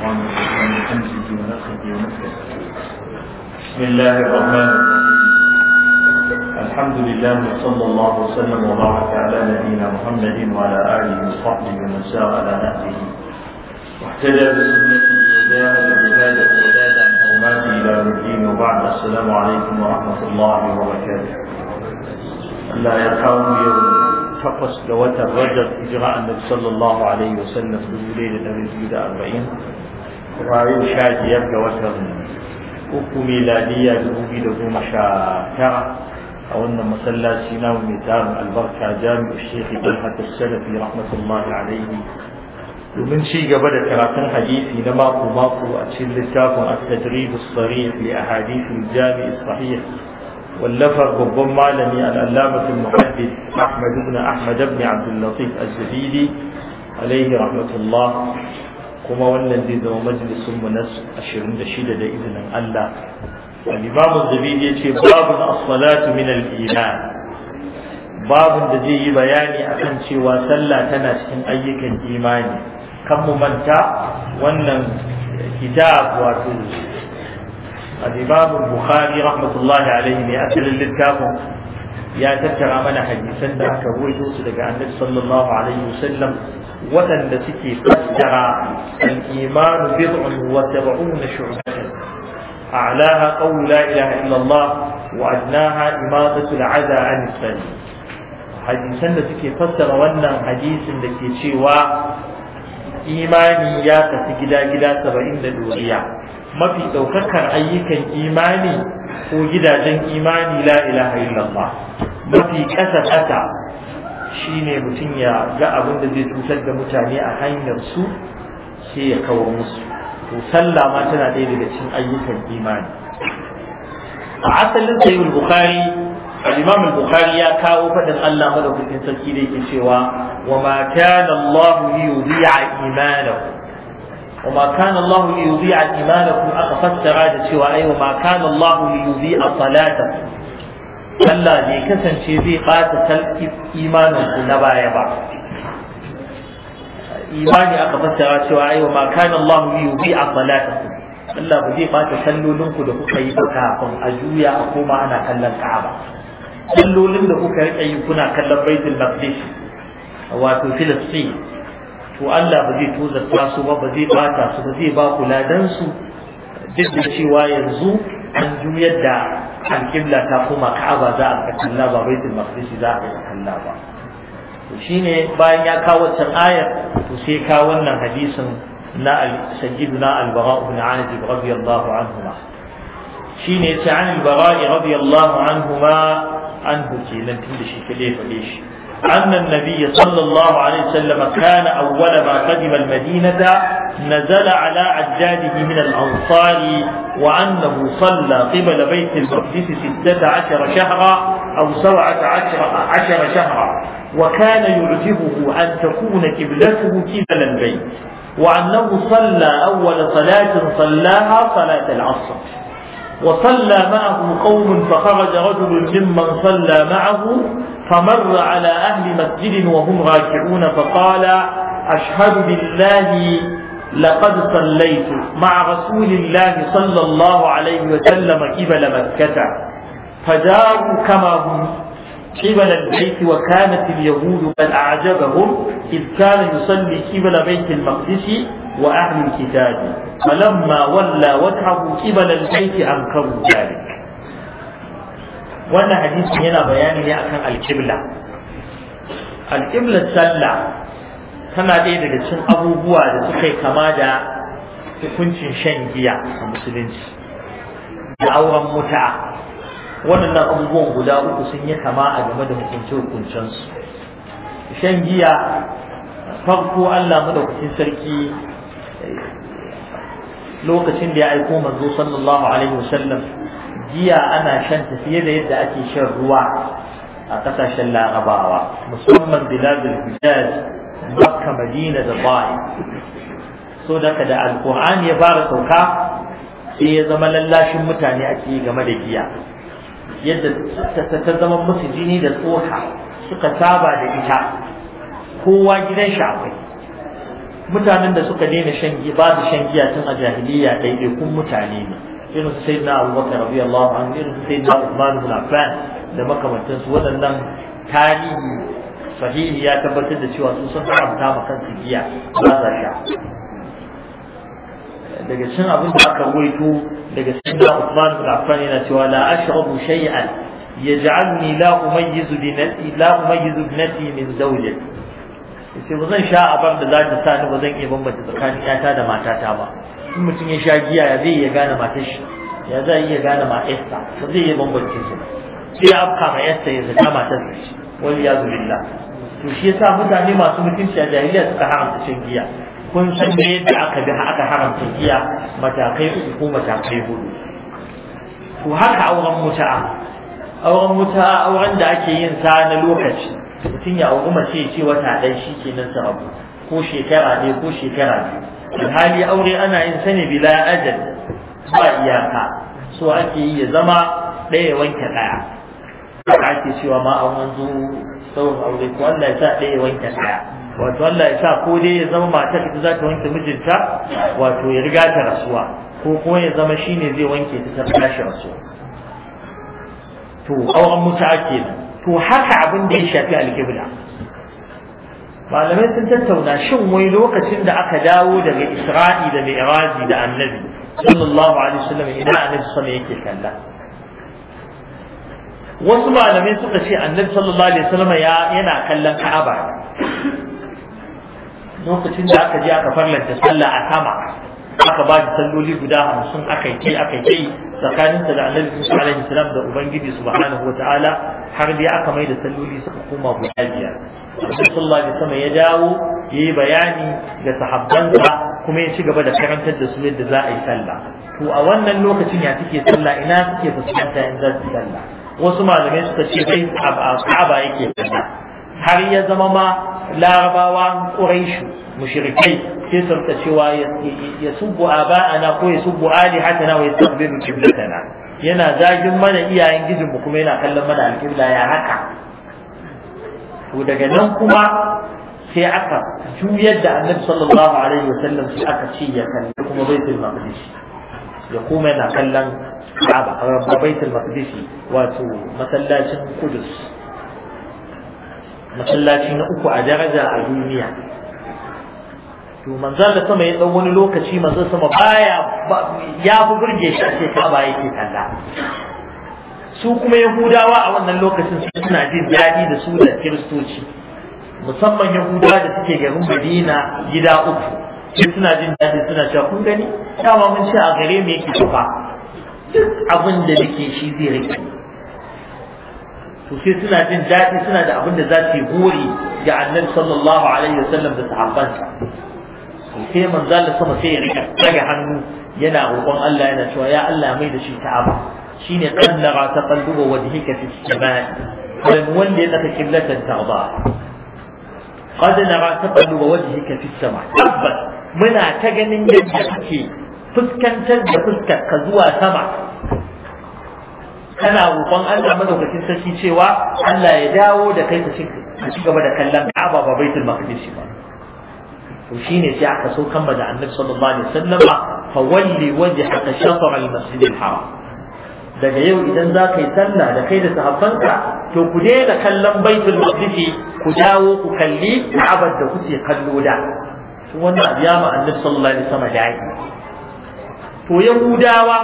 الشيطان الرجيم بسم الله الرحمن الرحيم الحمد لله وصلى الله وسلم وبارك على نبينا محمد وعلى اله وصحبه ومن سار على نهجه واهتدى بسنته وجاهد بهذا الوداد عن حرمات الى الدين وبعد السلام عليكم ورحمه الله وبركاته. لا يرحمه يوم فقس ga الرجل إجراء النبي صلى الله عليه وسلم في ليلة da ɗari إبراهيم شاجي يبقى وسر أكو ميلادية بأمي لغو مشاكرة أو أن مصلى سينا وميتان البركة جامع الشيخ طلحة السلفي رحمة الله عليه ومن شيء قبل كراتن الحديث إنما قماقو أتشل كافن التدريب الصريح لأحاديث الجامع الصحيح واللفظ ربما لم العلامة المحدث أحمد بن أحمد بن عبد اللطيف الزبيدي عليه رحمة الله kuma wannan zai zama majalisun mu na 26 da izinin Allah al-Imam Zabidi yace babu as-salatu min al-iman babu da zai yi bayani akan cewa sallah tana cikin ayyukan imani kan mu manta wannan kitab wato al-Imam Bukhari rahmatullahi Alayhi ne asalin littafin ya tattara mana hadisan da aka ruwaito su daga annabi sallallahu alaihi wasallam waɗanda suke fassara alimanu iman bid'un wa sab'una shu'batan a'laha qawlu la ilaha illallah, wa adnaha imadatu al 'an as hadisan da suke fassara wannan hadisin da ke cewa imani ya tafi gida-gida saba'in da doriya mafi ɗaukakar ayyukan imani ko gidajen imani la ilaha illallah mafi ƙasa ƙasa shine mutum ya ga abin da zai cutar da mutane a hanyar su sai ya kawo musu to sallah ma tana ɗaya daga cikin ayyukan imani a asalin sayyid bukhari al-imam al-bukhari ya kawo faɗin Allah madaukakin sarki da yake cewa wa ma kana Allah li yudhi'a imanakum wa ma kana Allah li yudhi'a imanakum aka fassara da cewa ai wa ma kana Allah li yudhi'a salatakum Allah bai kasance zai ɓata talki imaninku na baya ba imani aka fassara cewa ayo ma kana Allah bi yubi a salatakum Allah ba zai ɓata sallolin ku da kuka yi kafin a juya a koma ana kallon Ka'aba sallolin da kuka rike yi kuna kallon Baitul Maqdis wato Filistin to Allah ba zai tozarta su ba ba zai ɓata su ba zai ba ku ladan su duk da cewa yanzu an yadda da alƙibla ta koma ka'aba za a kalla ba baitul maqdis za a kalla ba to shine bayan ya kawo wannan ayar to sai ka wannan hadisin na sayyiduna al-bara ibn azib radiyallahu anhuma shine sai an al-bara radiyallahu anhuma an nan tun da shi kale fade shi أن النبي صلى الله عليه وسلم كان أول ما قدم المدينة نزل على أجداده من الأنصار وأنه صلى قبل بيت المقدس ستة عشر شهرا أو سبعة عشر, عشر شهرا وكان يعجبه أن تكون قبلته قبل البيت وأنه صلى أول صلاة صلاها صلاة العصر وصلى معه قوم فخرج رجل ممن صلى معه فمر على أهل مسجد وهم راكعون فقال أشهد بالله لقد صليت مع رسول الله صلى الله عليه وسلم قبل مكة فجاروا كما هم قبل البيت وكانت اليهود قد أعجبهم إذ كان يصلي قبل بيت المقدس وأهل الكتاب فلما ولى وجهه قبل البيت أنكروا ذلك wannan hadisin yana bayani ne akan alƙibla alƙiblar sallah tana ɗaya daga cikin abubuwa da suka yi kama da hukuncin shan giya a musulunci da auren muta waɗannan abubuwan guda uku sun yi kama a game da hukunce hukuncensu shan giya farko Allah madaukakin sarki eh, lokacin da ya aiko manzo sallallahu alaihi wasallam giya ana shanta fiye da yadda ake shan ruwa a kasashen larabawa musamman biladul hujjaj makka madina da ba'i so da da alkur'ani ya fara sauka sai ya zama lallashin mutane ake game da giya yadda ta zama musu jini da tsoka suka saba da ita kowa gidan shi akwai mutanen da suka daina shan giya ba su shan giya tun a jahiliya ɗaiɗaikun mutane ne irin su sayyidina abubakar radiyallahu anhu irin su sayyidina usman ibn affan da makamantansu Wadannan tarihi sahihi ya tabbatar da cewa su sun haramta ma kansu giya ba sa sha daga cin abin da aka waito daga sayyidina usman ibn affan yana cewa la ashrabu shay'an yaj'alni la umayyizu bi nafsi la umayyizu bi nafsi min zawji Yace ba zan sha abin da za ta sa ni ba zan iya bambanta tsakanin 'yata da matata ba in mutum ya sha giya ya zai iya gane matar shi ya zai iya gane ma esta ba zai iya bambance su sai ya afka ma esta ya zama matar shi wani ya zubi la to shi yasa mutane masu mutunci a jahiliya suka haramta shan giya kun san me yadda aka bi aka haramta giya matakai uku ko matakai hudu to haka auren muta'a auren muta'a auren da ake yin sa na lokaci mutum ya auri mace ce wata ɗaya shi kenan sa abu ko shekara ne ko shekara biyu hali aure ana yin sani bila ajal ba iyaka so ake yi ya zama ɗaya wanke ɗaya ake cewa ma an wanzu sauran aure ko Allah ya sa ɗaya wanke ɗaya wato Allah ya sa ko dai ya zama matar ita za ta wanke mijinta wato ya riga ta rasuwa ko kuma ya zama shi ne zai wanke ta ta tashi rasuwa to auren mutu'a kenan to haka abin da ya shafi alkibla malamai sun tattauna shin wai lokacin da aka dawo daga isra'i da mi'raji da annabi sallallahu alaihi wasallam ina annabi sallallahu yake kalla wasu malamai suka ce annabi sallallahu alaihi wasallam ya yana kallon ka'aba lokacin da aka je aka farlanta sallah a sama aka ba da salloli guda hamsin aka yi aka yi tsakaninsa da annabi musa alaihi salam da ubangiji subhanahu wataala har dai aka mai da salloli suka koma guda biyar sallallahu alaihi wasallam ya dawo yayi bayani ga sahabbansa kuma ya ci gaba da karantar da su yadda za a yi sallah to a wannan lokacin ya take sallah ina suke fuskanta in za su sallah wasu malamai suka ce kai Ka'aba yake sallah har ya zama ma larabawa quraishu mushrikai sai su rika cewa ya subbu aba'ana ko ya subbu alihatana wa yastaqbilu qiblatana yana zagin mana iyayen gijinmu kuma yana kallon mana alƙibla ya haka to daga nan kuma sai aka juyar da annabi sallallahu alaihi wa sallam sai aka ce ya kalli kuma baitul maqdis ya kuma yana kallon Ka'aba baitul maqdis wato masallacin Qudus masallaci na uku a daraja a duniya to manzon da sama ya dan wani lokaci manzon sama baya ya fi burge shi cikin Ka'aba yake kalla su kuma yahudawa a wannan lokacin suna jin daɗi da su da kiristoci musamman yahudawa da suke garin madina gida uku sai suna jin daɗi suna cewa kun gani dama mun ce a gare mu yake tufa duk abin da nake shi zai rike to sai suna jin daɗi suna da abin da za su yi gori ga annabi sallallahu alaihi wasallam da sahabbansa sai manzo Allah sama sai ya rika daga hannu yana roƙon Allah yana cewa ya Allah mai da shi ta'aba shine qallaba taqalluba wajhika fi as-samaa falan wanda yaka qiblatan tarda qad nara taqalluba wajhika fi as-samaa tabbas muna ta ganin yadda kake fuskantar da fuskar ka zuwa sama kana roƙon Allah madaukakin sarki cewa Allah ya dawo da kai ta ka ci gaba da kallon Ka'aba ba Baitul Maqdis ba to shine sai aka so kan da Annabi sallallahu alaihi wasallam fa walli wajhaka shatr al-masjid al-haram daga yau idan za ka yi sallah da kai da sahabbanka to ku daina kallon baitul maqdisi ku dawo ku kalli ka'abar da kuke kallo da wannan abu ya annabi sallallahu alaihi wasallam da to yahudawa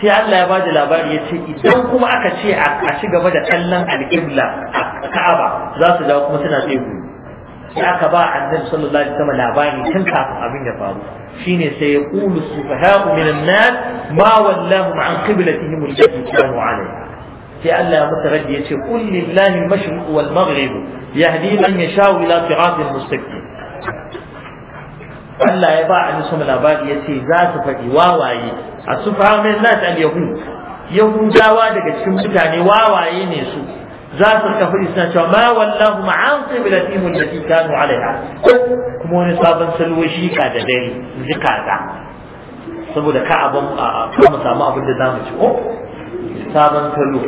sai Allah ya bada labari ya ce idan kuma aka ce a ci gaba da kallon alƙibla a ka'aba za su dawo kuma suna tsaye sai aka ba annabi sallallahu alaihi wasallam labari tun kafin abin ya faru shine sai ya qulu sufaha'u minan nas ma wallahu an qiblatihim allati kanu alaiha sai Allah ya masa raddi yace qul lillahi al-mashriq wal maghrib yahdi man yasha'u ila siratin mustaqim Allah ya ba annabi sallallahu labari yace za su faɗi wawaye a sufaha'u minan nas al-yahud yahudawa daga cikin mutane wawaye ne su za su rika faɗi suna cewa ma wallahu ma an qiblatihim allati kanu alaiha kuma wani sabon salwo shi ka da dare zikata saboda ka abin ka mu samu abin da zamu ci ko, sabon salo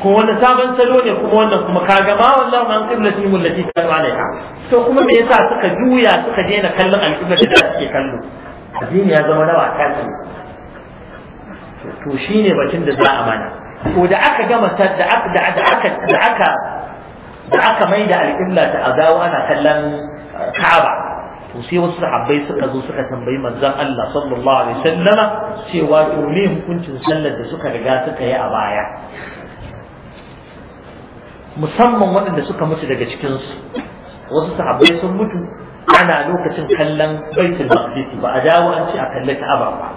ko wani sabon salo ne kuma wannan kuma ka ga ma wallahu an qiblatihim allati kanu alaiha to kuma me yasa suka juya suka daina kallon alƙibla da suke kallo addini ya zama nawa kafi to shine bakin da za a mana Koda da aka gama da aka da aka da aka da aka mai da al'illa ta azawa ana kallon uh, Ka'aba to sai wasu sahabbai suka zo suka tambayi manzon Allah sallallahu alaihi wasallama cewa to me hukuncin sallar da suka riga suka yi a baya musamman waɗanda suka mutu daga cikinsu wasu sahabbai sun mutu ana lokacin kallon baitul maqdis ba a dawo an ce a kalli ka'aba ba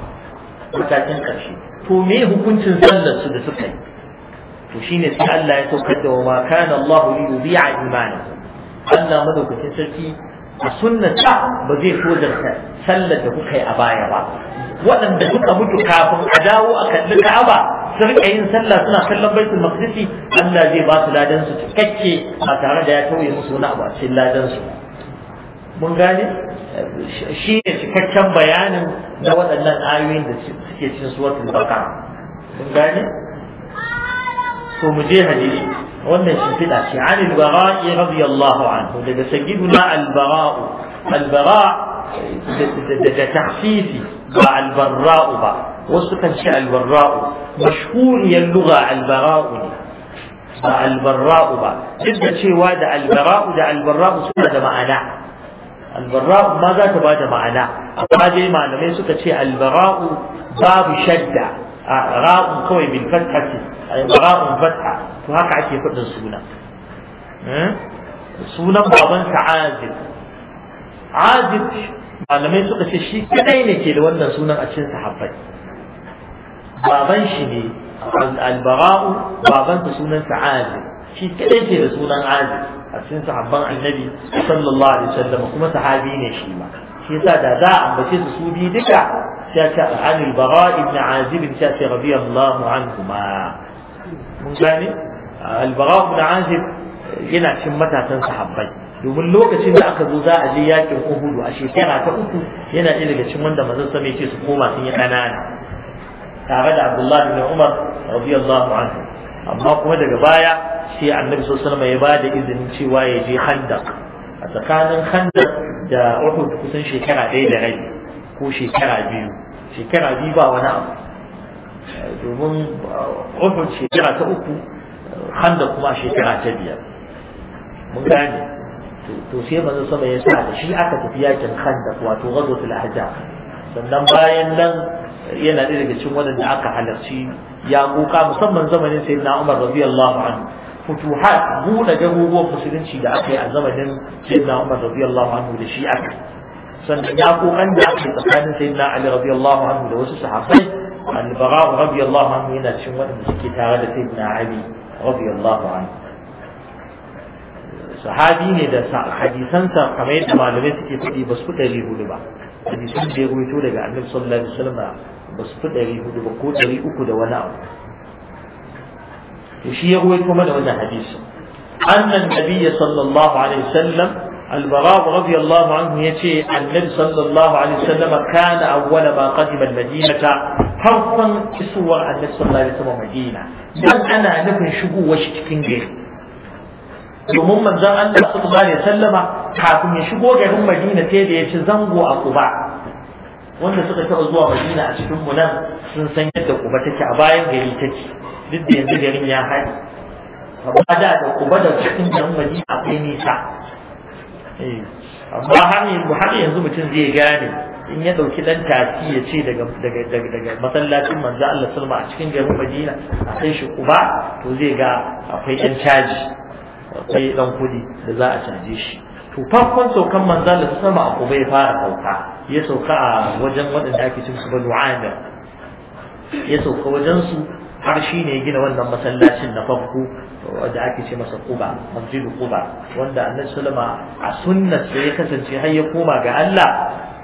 matakin ƙarshe to me hukuncin sallar su da suka yi to shine sai Allah ya saukar da wa kana Allah li yudi'a imani Allah madaukakin sarki a sunnata ba zai tozarta sallar da kuka yi a baya ba waɗanda suka mutu kafin a dawo a kalli Ka'aba su rika yin sallah suna kallon baitul maqdisi Allah zai ba su ladan su cikakke a tare da ya tauye musu wani abu a cikin ladan su mun gane shi ne cikakken bayanin na waɗannan ayoyin da suke cin suratul baqara kun gane to mu je hadisi wannan shi shimfiɗa ce an al-bara'i radiyallahu anhu daga sayyiduna al-bara'u al-bara' da tahfifi ba al-barra'u ba wasu kan ce al-barra'u mashhuriyar lugha al-bara'u ne ba al-barra'u ba duk da cewa da al-bara'u da al-barra'u suna da ma'ana albara'u ma za ta ba da ma'ana amma dai malamai suka ce albara'u babu shadda ra'u kawai bil fathati albara'u fatha to haka ake faɗin suna eh? sunan baban sa azib azib malamai suka ce shi kadai ne ke da wannan sunan a cikin sahabbai baban shi ne albara'u baban sa sunan sa azib shi kadai ke da sunan azib a cikin sahabban annabi sallallahu alaihi wasallam kuma sahabi ne shi ma shi yasa da za a ambace su su bi duka sai ta an al-bara ibn azib ta ce radiyallahu anhuma mun gane al-bara ibn azib yana cikin matasan sahabbai domin lokacin da aka zo za a je yakin Uhudu a shekara ta uku yana ɗaya daga cikin wanda manzon sama yake su koma sun yi ƙanana tare da Abdullahi Ibn Umar radiyallahu anhu amma kuma daga baya sai annabi sallallahu alaihi ya bada izinin cewa ya je khandaq a tsakanin khandaq da uhud kusan shekara ɗaya da rai ko shekara biyu shekara biyu ba wani abu domin uh, uhud shekara ta uku uh, khandaq kuma shekara ta biyar mun gane to sai manzo sama ya sa da shi aka tafi yakin khandaq wato ghazwatul ahzab sannan bayan nan uh, yana ɗaya daga cikin waɗanda aka halarci ya kuka musamman zamanin sai na Umar radiyallahu anhu futuhat buɗe garuruwan musulunci da aka yi a zamanin sayyidina Umar radiyallahu anhu da shi aka sannan ya kokan da aka yi tsakanin sayyidina Ali radiyallahu anhu da wasu sahabbai al-Bara radiyallahu anhu yana cikin waɗanda suke tare da sayyidina Ali radiyallahu anhu sahabi ne da hadisansa kamar yadda malamai suke faɗi ba su fi ɗari hudu ba hadisan da ya rubuto daga annabi sallallahu alaihi wasallam ba su fi ɗari hudu ba ko ɗari uku da wani abu يشير ويكم أنا وإنا حديثه أن النبي صلى الله عليه وسلم البراء رضي الله عنه يتي أن النبي صلى الله عليه وسلم كان أول ما قدم المدينة حرفا كسور أن النبي صلى الله عليه وسلم مدينة بل أنا نفن شبو وشك كنجل يومون من زار أن النبي صلى الله عليه وسلم حاكم يشبو وجههم مدينة يتي زنغو أقبع وأن سقط أزوا مدينة أشكم منام سنسنجد وبتك أبايا غير تجي duk da yanzu garin ya haɗe amma da da kuma da cikin garin madina akwai nisa eh, amma har yanzu mutum zai gane in ya ɗauki ɗan tafi ya ce daga masallacin manzo Allah sulma a cikin garin madina a kai shi kuma to zai ga akwai ɗan caji akwai ɗan kuɗi da za a caje shi to farkon saukan manzo Allah salma a kuma ya fara sauka ya sauka a wajen waɗanda ake cin su ba amir ya sauka wajen su har shi ne gina wannan masallacin na farko da ake ce masa kuba masjidu kuba wanda annabi sallama a sunnar sai ya kasance har ya koma ga Allah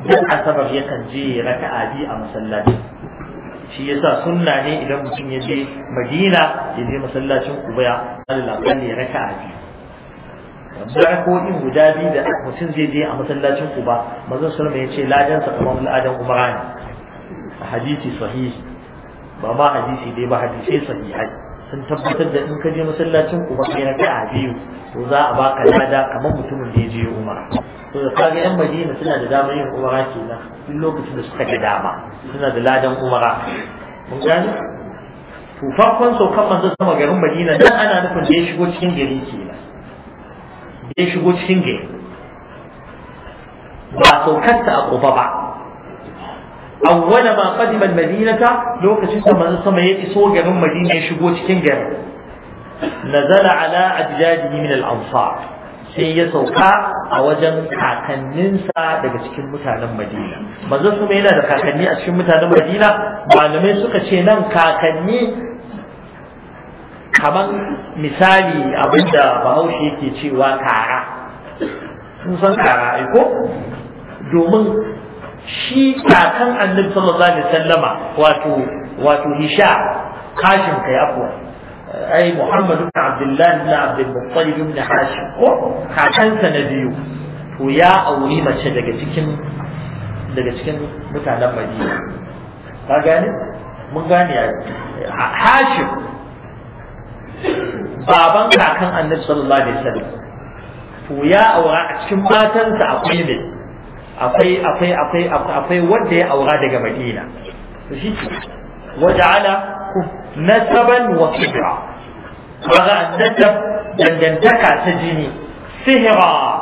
duk asabar yakan je raka'a bi a masallaci shi yasa sunna ne idan mutum ya je Madina ya je masallacin Kuba Allah kan ne raka'a bi raka'o'in guda biyu da mutum zai je a masallacin Kuba manzon sallama ya ce ladan sa kamar al'adan umara ne a hadisi sahihi ba ma hadisi dai ba hadisai sahihai sun tabbatar da in ka je masallacin ku ba kai na ka biyu to za a baka lada kamar mutumin da ya je umara to da kaga yan madina suna da damar yin umara kenan duk lokacin da suka ga dama suna da ladan umara mun gani to farkon kan manzo sama garin madina dan ana nufin da ya shigo cikin gari kenan da ya shigo cikin gari ba ta a ƙofa ba awwala ma qadima al-madinata lokacin da manzo sama ya iso garin Madina ya shigo cikin garin nazala ala ajdadihi min al sai ya sauka a wajen kakanninsa daga cikin mutanen Madina manzo sama yana da kakanni a cikin mutanen Madina malamai suka ce nan kakanni kamar misali abinda Bahaushe yake cewa kara sun san kara ko domin shi kakan annabi sallallahu alaihi wasallama wato wato hisha kashin kai afwa ai muhammad ibn abdullah ibn abdul muttalib ibn hashim ko kakansa na biyu to ya auri mace daga cikin daga cikin mutanen madina ka gane mun gane hashim baban kakan annabi sallallahu alaihi wasallam to ya aura a cikin matansa akwai ne akwai akwai akwai akwai wanda ya aura daga madina to shi ke waja'ala nasaban wa sihra kaga nasab dangantaka ta jini sihra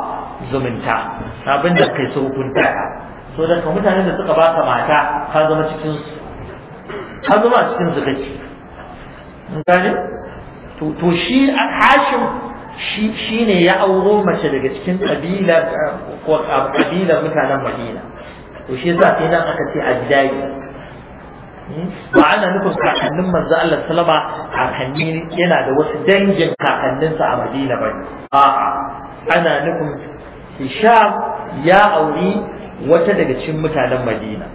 zumunta abin da kai su hukunta so da ka mutanen da suka baka mata ka zama cikin ka zama cikin su kake mun to to shi hashim shi shine ya auro mace daga cikin kabilar ko kabilar mutanen madina to shi yasa sai nan aka ce ajdai hmm? ba ana nufin kakannin manzo Allah salama kakanni yana da wasu dangin kakanninsa a madina ba a'a ana nufin hisham ya auri wata daga cikin mutanen madina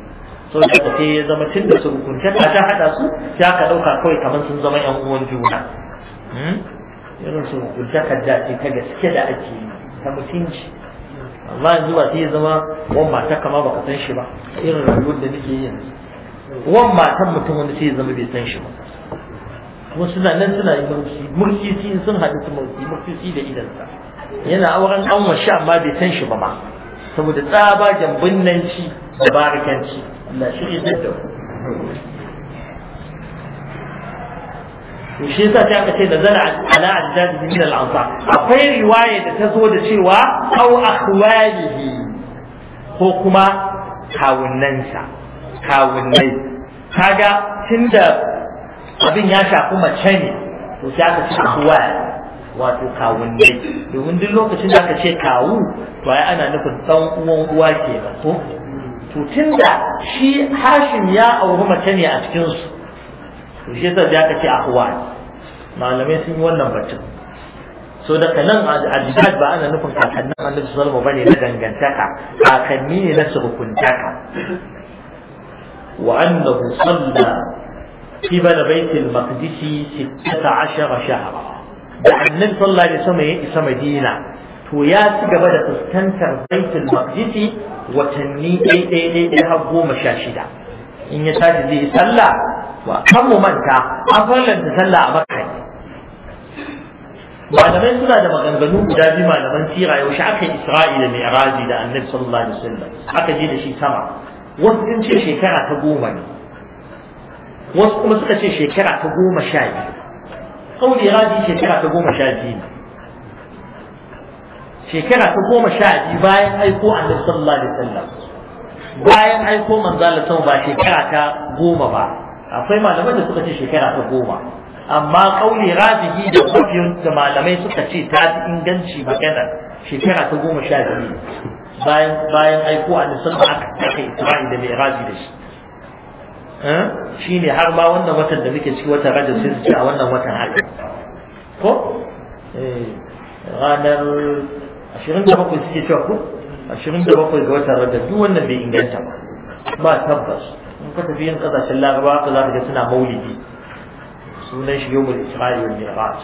sau da ta ya zama tun da su hukunta ta ta hada su ta ka ɗauka kawai kamar sun zama yan uwan juna hmm? irin su ka dace ta gaske da ake yi ta mutunci amma yanzu ba sai ya zama wan mata kama ba ka san shi ba irin rayuwar da nake yi yanzu wan matan mutum wanda sai zama bai san shi ba wasu suna nan suna yi mulki murki sun haɗu su mulki murki da idansa yana auren an sha amma bai san shi ba ma saboda tsaba nan binnanci da barikanci na shirya da ku shi yasa sai aka ce zara ala ajdadi min al ansar akwai riwaya da ta zo da cewa aw akhwalihi ko kuma kawunnansa kawunnai kaga tunda abin ya shafi mace ne to sai aka ce akhwal wato kawunnai domin duk lokacin da aka ce kawu to ai ana nufin dan uwan uwa kenan ko to tunda shi Hashim ya auri mace ne a cikin su to shi yasa ya a ahwal malamai sun yi wannan batun so daga nan jihad ba ana nufin kakannin annabi sallallahu alaihi wasallam bane na dangantaka kakanni ne na surukuntaka wa annahu salla qibala bait al-maqdis 16 shahra da annabi sallallahu alaihi wasallam ya isa madina to ya ci gaba da fuskantar baitul maqdis watanni ɗaya har goma sha shida in ya tashi zai sallah kan mu manta an farlanta sallah a makka malamai suna da maganganu guda biyu malaman sira shi aka yi isra'ila mai arazi da annabi sallallahu alaihi wasallam aka je da shi sama wasu sun ce shekara ta goma ne wasu kuma suka ce shekara ta goma sha biyu kauli raji shekara ta goma sha biyu ne shekara ta goma sha biyu bayan aiko annabi sallallahu alaihi wasallam bayan aiko manzo Allah ba shekara ta goma ba akwai malamai da suka ce shekara ta goma amma kauli rajihi da kofin da malamai suka ce ta fi inganci magana shekara ta goma sha biyu bayan bayan aiko a nisan da aka kai isra'i da mai raji da shi eh? shi ne har ma wannan watan da muke ciki wata rajin sai su ce a wannan watan haka ko eh, ranar ashirin da bakwai suke cewa ko ashirin da bakwai ga watan rajin duk wannan bai inganta ba ba tabbas ka tafi yin kasashen laraba ka za ka ga suna maulidi sunan shi yawmul isra'i wal mi'raj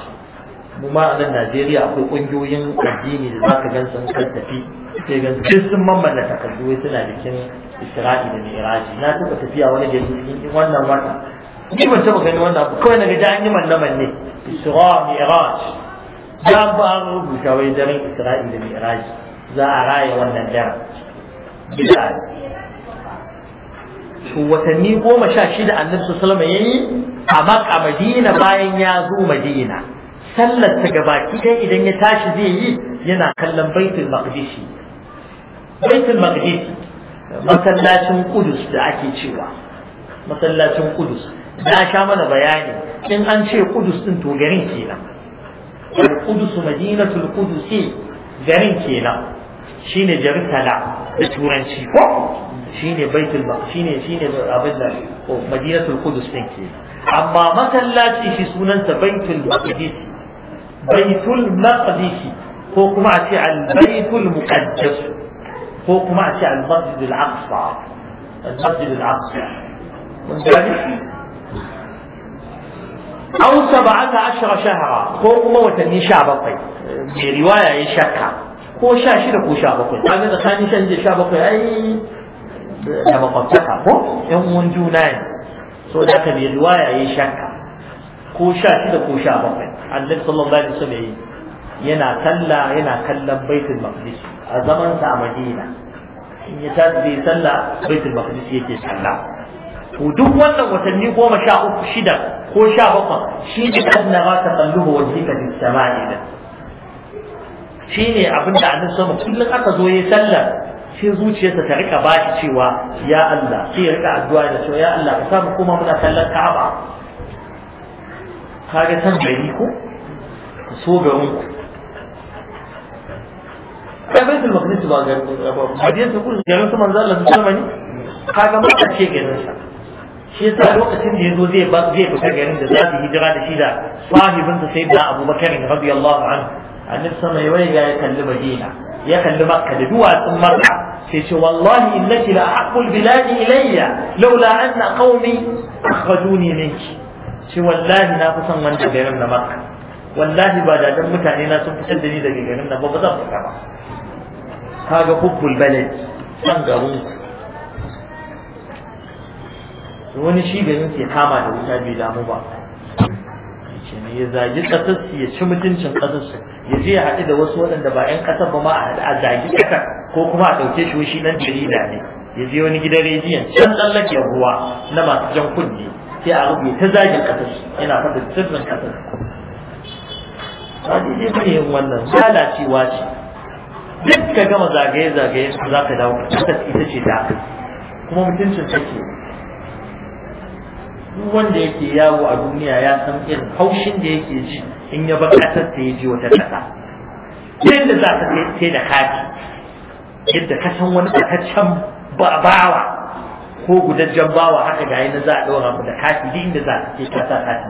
mu ma a nan Najeriya akwai ƙungiyoyin addini da za ka gan sun kan tafi sai gan duk sun mamalla takardu wai suna bikin Isra'il da mi'raji na taɓa tafiya wani gari cikin wannan wata ni ban taɓa gani wannan abu kawai na ga an yi manne. Isra'il isra'i mi'raj ya ba a rubuta wai daren Isra'il da mi'raji za a raya wannan daren bid'a to watanni goma sha shida annabi sallallahu ya yi a Makka Madina bayan ya zo Madina sallar ta gabaki dai idan ya tashi zai yi yana kallon Baitul Maqdis Baitul masallacin Kudus da ake cewa masallacin Kudus. na sha mana bayani in an ce Kudus din to garin kenan Al-Qudus Madinatul kudusi garin kenan shine Jerusalem da turanci ko شيني بيت المقدس شيني شيني عبدنا مدينة القدس نكتي أما مثلا لا شيء في بيت المقدس بيت المقدس فوق ما على البيت المقدس فوق ما على المسجد الأقصى المسجد الأقصى أو سبعة عشر شهرا فوق ما وتني شعب الطيب برواية شكا هو شاشرك وشعبك هذا ثاني شيء شعبك أي da makwabtaka ko yan uwan juna ne so da ka mai riwaya ya shakka ko sha shida ko sha bakwai annabi sallallahu alaihi wasallam yana sallah yana kallon baitul maqdis a zaman sa a madina in ya tashi sallah baitul maqdis yake sallah to duk wannan watanni goma sha uku shida ko sha bakwai shi ne adna ma ta kalluhu wa jika bis sama'i da shi ne abin da annabi sama kullum aka zo yayin sallar sai zuciyarsa ta rika bashi cewa ya Allah sai ya rika addu'a da cewa ya Allah ka samu kuma muna kallon Ka'aba kaga san gari ko ku so garin ku kai baitul maqdis ba ga hadiyar ta kullu garin su manzo Allah sallama ne kaga maka ce garin sa shi yasa lokacin da yazo zai ba zai fita garin da za su hijira da shi da sahibinsa sayyidina Abubakar radiyallahu anhu annabi sama ya waiga ya kalli Madina ya kalli Makka da duwatsun Makka sai ce wallahi innaki la haqqul biladi ilayya laula anna qaumi akhrajuni minki ce wallahi na fi son wanda garin na makka wallahi ba da dan mutane na sun fitar da ni daga garin na ba ba zan fita ba kaga hubbul balad san garin wani shi garin ke kama da wuta bai damu ba shi ya zagi ƙasar su ya ci mutuncin ƙasar su ya je ya haɗu da wasu waɗanda ba 'yan ƙasar ba ma a haɗu a zagi ƙasar ko kuma a ɗauke shi shi nan jarida ne ya je wani gidan rediyon can tsallake ruwa na masu jan kunne sai a rubuta ta zagin ƙasar su yana faɗa sirrin ƙasar su ba ba yin wannan lalacewa ce duk ka gama zagaye-zagaye su za ka dawo ƙasar ita ce da kuma mutuncin take duk wanda yake yawo a duniya ya san irin haushin da yake ji in ya bar ƙasar ta ya ji wata ƙasa yadda za ka sai da kati yadda ka san wani ɓataccen bawa ko gudajjen bawa haka ga na za a ɗora mu da kati duk inda za ka sai ka sa ka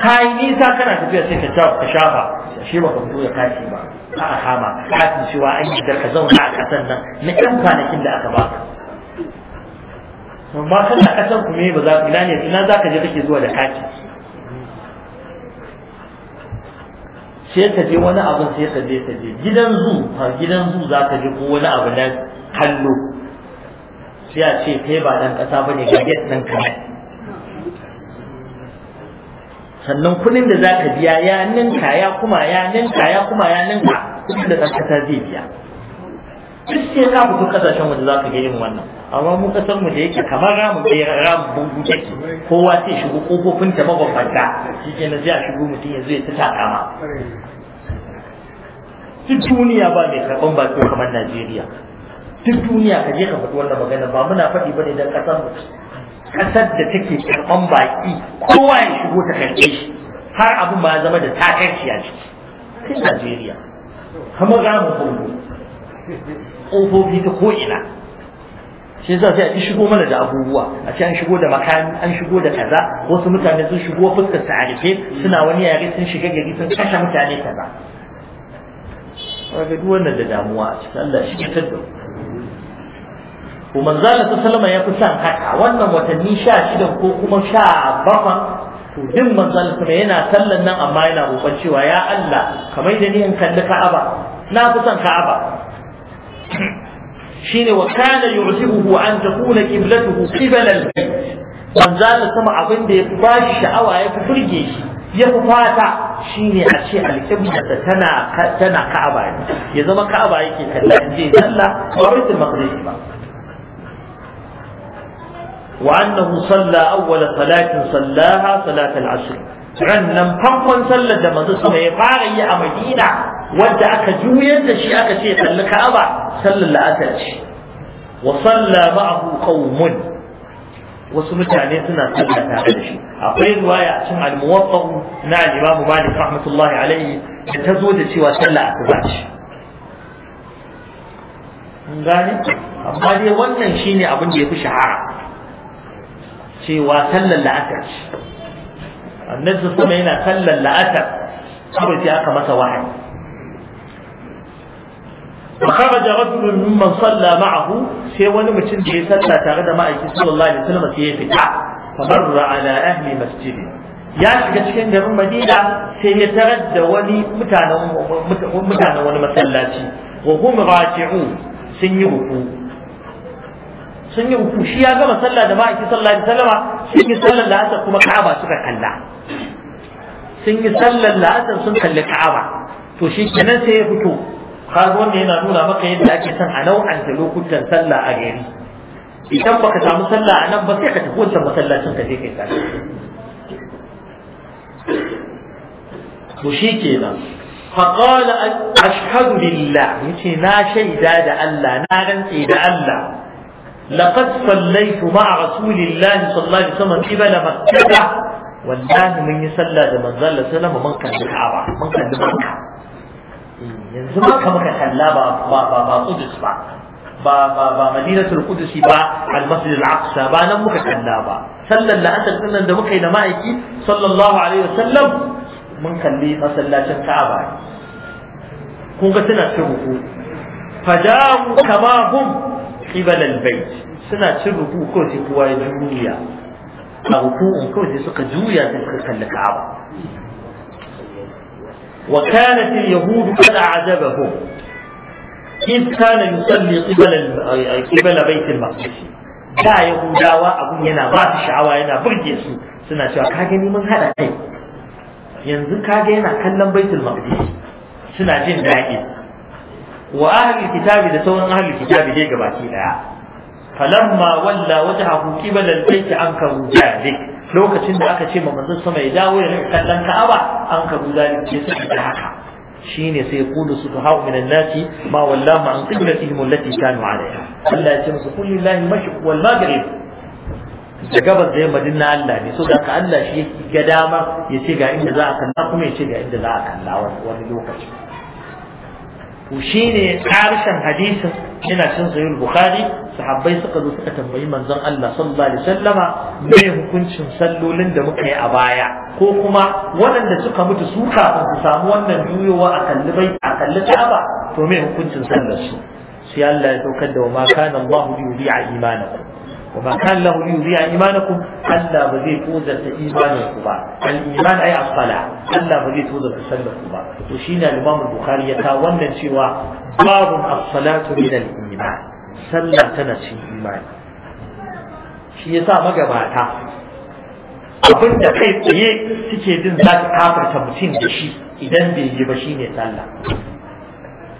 ka yi nisa kana tafiya sai ka ka shafa shi ba ka ba a kama katin cewa an yi da ka zauna a ƙasar nan na ƴan kwanakin da aka baka ka da kasan ku me ba za ina ne ina za ka je kake zuwa da kati sai ka je wani abin sai ka je ka je gidan zu fa gidan zu za ka je ko wani abu na kallo sai a ce kai ba dan kasa ne ga get nan ka sannan kudin da za ka biya ya ninka ya kuma ya ninka ya kuma ya ninka kudin da ɗan ta zai biya duk sai mu fito kasashen waje za ka ga yin wannan amma mu kasar mu da yake kamar ramu bai ramu bugu take kowa sai shigo kofofin ta mabambanta shi ke na zai shigo mutum yanzu ya ta takama duk duniya ba mai karɓan ko kamar najeriya duk duniya ka je ka faɗi wannan magana ba muna faɗi ba ne don ƙasar mu ƙasar da take karɓan baki kowa ya shigo ta karɓe shi har abin ma ya zama da takarci a ciki sai najeriya kamar ramu bugu ƙofofi ta ko'ina shi za sai a shigo mana da abubuwa a ce an shigo da makan an shigo da kaza wasu mutane sun shigo fuskar su arife suna wani yare sun shiga gari sun kashe mutane kaza wajen duk wannan da damuwa a cikin Allah shi ke da kuma ta salama ya fi son haka wannan watanni sha shida ko kuma sha bakwan to din manzon kuma yana sallan nan amma yana roƙon cewa ya Allah kamar da ni in kalli Ka'aba na fi son Ka'aba shine wa kana yu'tibuhu an takuna qiblatuhu qibal al-bayt manzo da sama abin da ya fi bashi sha'awa ya fi burge shi ya fi fata shine a ce alƙibla tana tana Ka'aba ne ya zama Ka'aba yake kalla in je sallah ba Baitul Maqdis ba wa annahu salla awwala salatin sallaha salatul asr ran nan farkon sallar da manzo sama ya fara yi a Madina Wanda aka juyar da shi aka ce kalli ka'aba sallar la'asar ce wa salla ma'ahu qaumun wasu mutane suna sallah tare da shi akwai riwaya cin al-muwaffaq na al-imam Malik rahmatullahi alaihi da ta zo da cewa sallah asuba ce gane amma dai wannan shine abin da ya fi shahara cewa sallar la'asar ce annabi sama yana sallar la'asar kawai sai aka masa wahayi فخرج رجل ممن صلى معه sai wani mutum da ya salla tare da ma'aiki sallallahu alaihi wasallam sai ya fita famarra ala ahli masjid ya shiga cikin garin Madina sai ya tarar da wani mutanen mutanen wani masallaci wa hum raki'un sun yi ruku sun yi ruku shi ya gama sallah da ma'aiki sallallahu alaihi wasallam sun yi sallar la'asar kuma Ka'aba suka kalla sun yi sallar la'asar sun kalli Ka'aba to shi kenan sai ya fito kaga wanda yana nuna maka yadda ake son a nau'anta lokutan sallah a gari idan baka samu sallah a nan ba sai ka tafi wancan masallacin ka je kai ka to shi kenan فقال أشهد لله يتي نا شيدا دا الله نا رنسي دا الله لقد صليت مع رسول الله صلى الله عليه وسلم قبل مكة والله من يصلى دا من ظل سلم mun kalli بالعرى mun kalli بمكة yanzu maka muka kalla ba ba ba ba Qudus ba ba ba ba Madinatul Qudus ba al-Masjid al-Aqsa ba nan muka kalla ba sallan la'asar din da muka yi da ma'aiki sallallahu alaihi wasallam mun kalli masallacin Ka'aba kun ga suna cin ruku fajahu kama hum qibala al-bayt suna cin ruku ko sai kowa ya juya a ruku kawai sai suka juya sai suka kalli Ka'aba وكانت اليهود قد أعجبهم إذ كان يصلي قبل قبل بيت المقدس دا يهودا أبو ينا ما في شعوى ينا برجسوا سنة شوى كاجني من هذا كي ينزل كاجي ينا كلم بيت المقدس سنة جن دائم وأهل الكتاب ده سوى أهل الكتاب دي قباكي لا falamma walla ba qibala an bayt ankaru dhalik lokacin da aka ce ma manzon sama ya dawo ya rika kallon Ka'aba ankaru dhalik sai suka haka shine sai su subhanahu min an-nasi ma wallahu an qiblatihim allati kanu alayha Allah ya ce musu kullu lillahi mashq wal maghrib da gabas da yamma dinna Allah ne so da ka Allah shi yake ga dama ya ce ga inda za a kalla kuma ya ce ga inda za a kalla wani lokaci to shine karshen hadisin ina cin sahih bukhari sahabbai suka zo suka tambayi manzon Allah sallallahu alaihi sallama? me hukuncin sallolin da muka yi a baya ko kuma waɗanda suka mutu su kafin su samu wannan juyowa a kalli bai a kalli Ka'aba to me hukuncin sallar su sai Allah ya saukar da wa ma kana Allah yudhi'a imanakum wa ma kana Allah yudhi'a imanakum Allah ba zai tozarta imanin ku ba al iman ay as-sala Allah ba zai tozarta sallar ku ba to shine al-Imam Bukhari ya kawo wannan cewa babun as-salatu min al-iman sallah tana cin imani shi yasa magabata abin da kai tsaye suke jin za ka kafarta mutum da shi idan bai yi ba ne sallah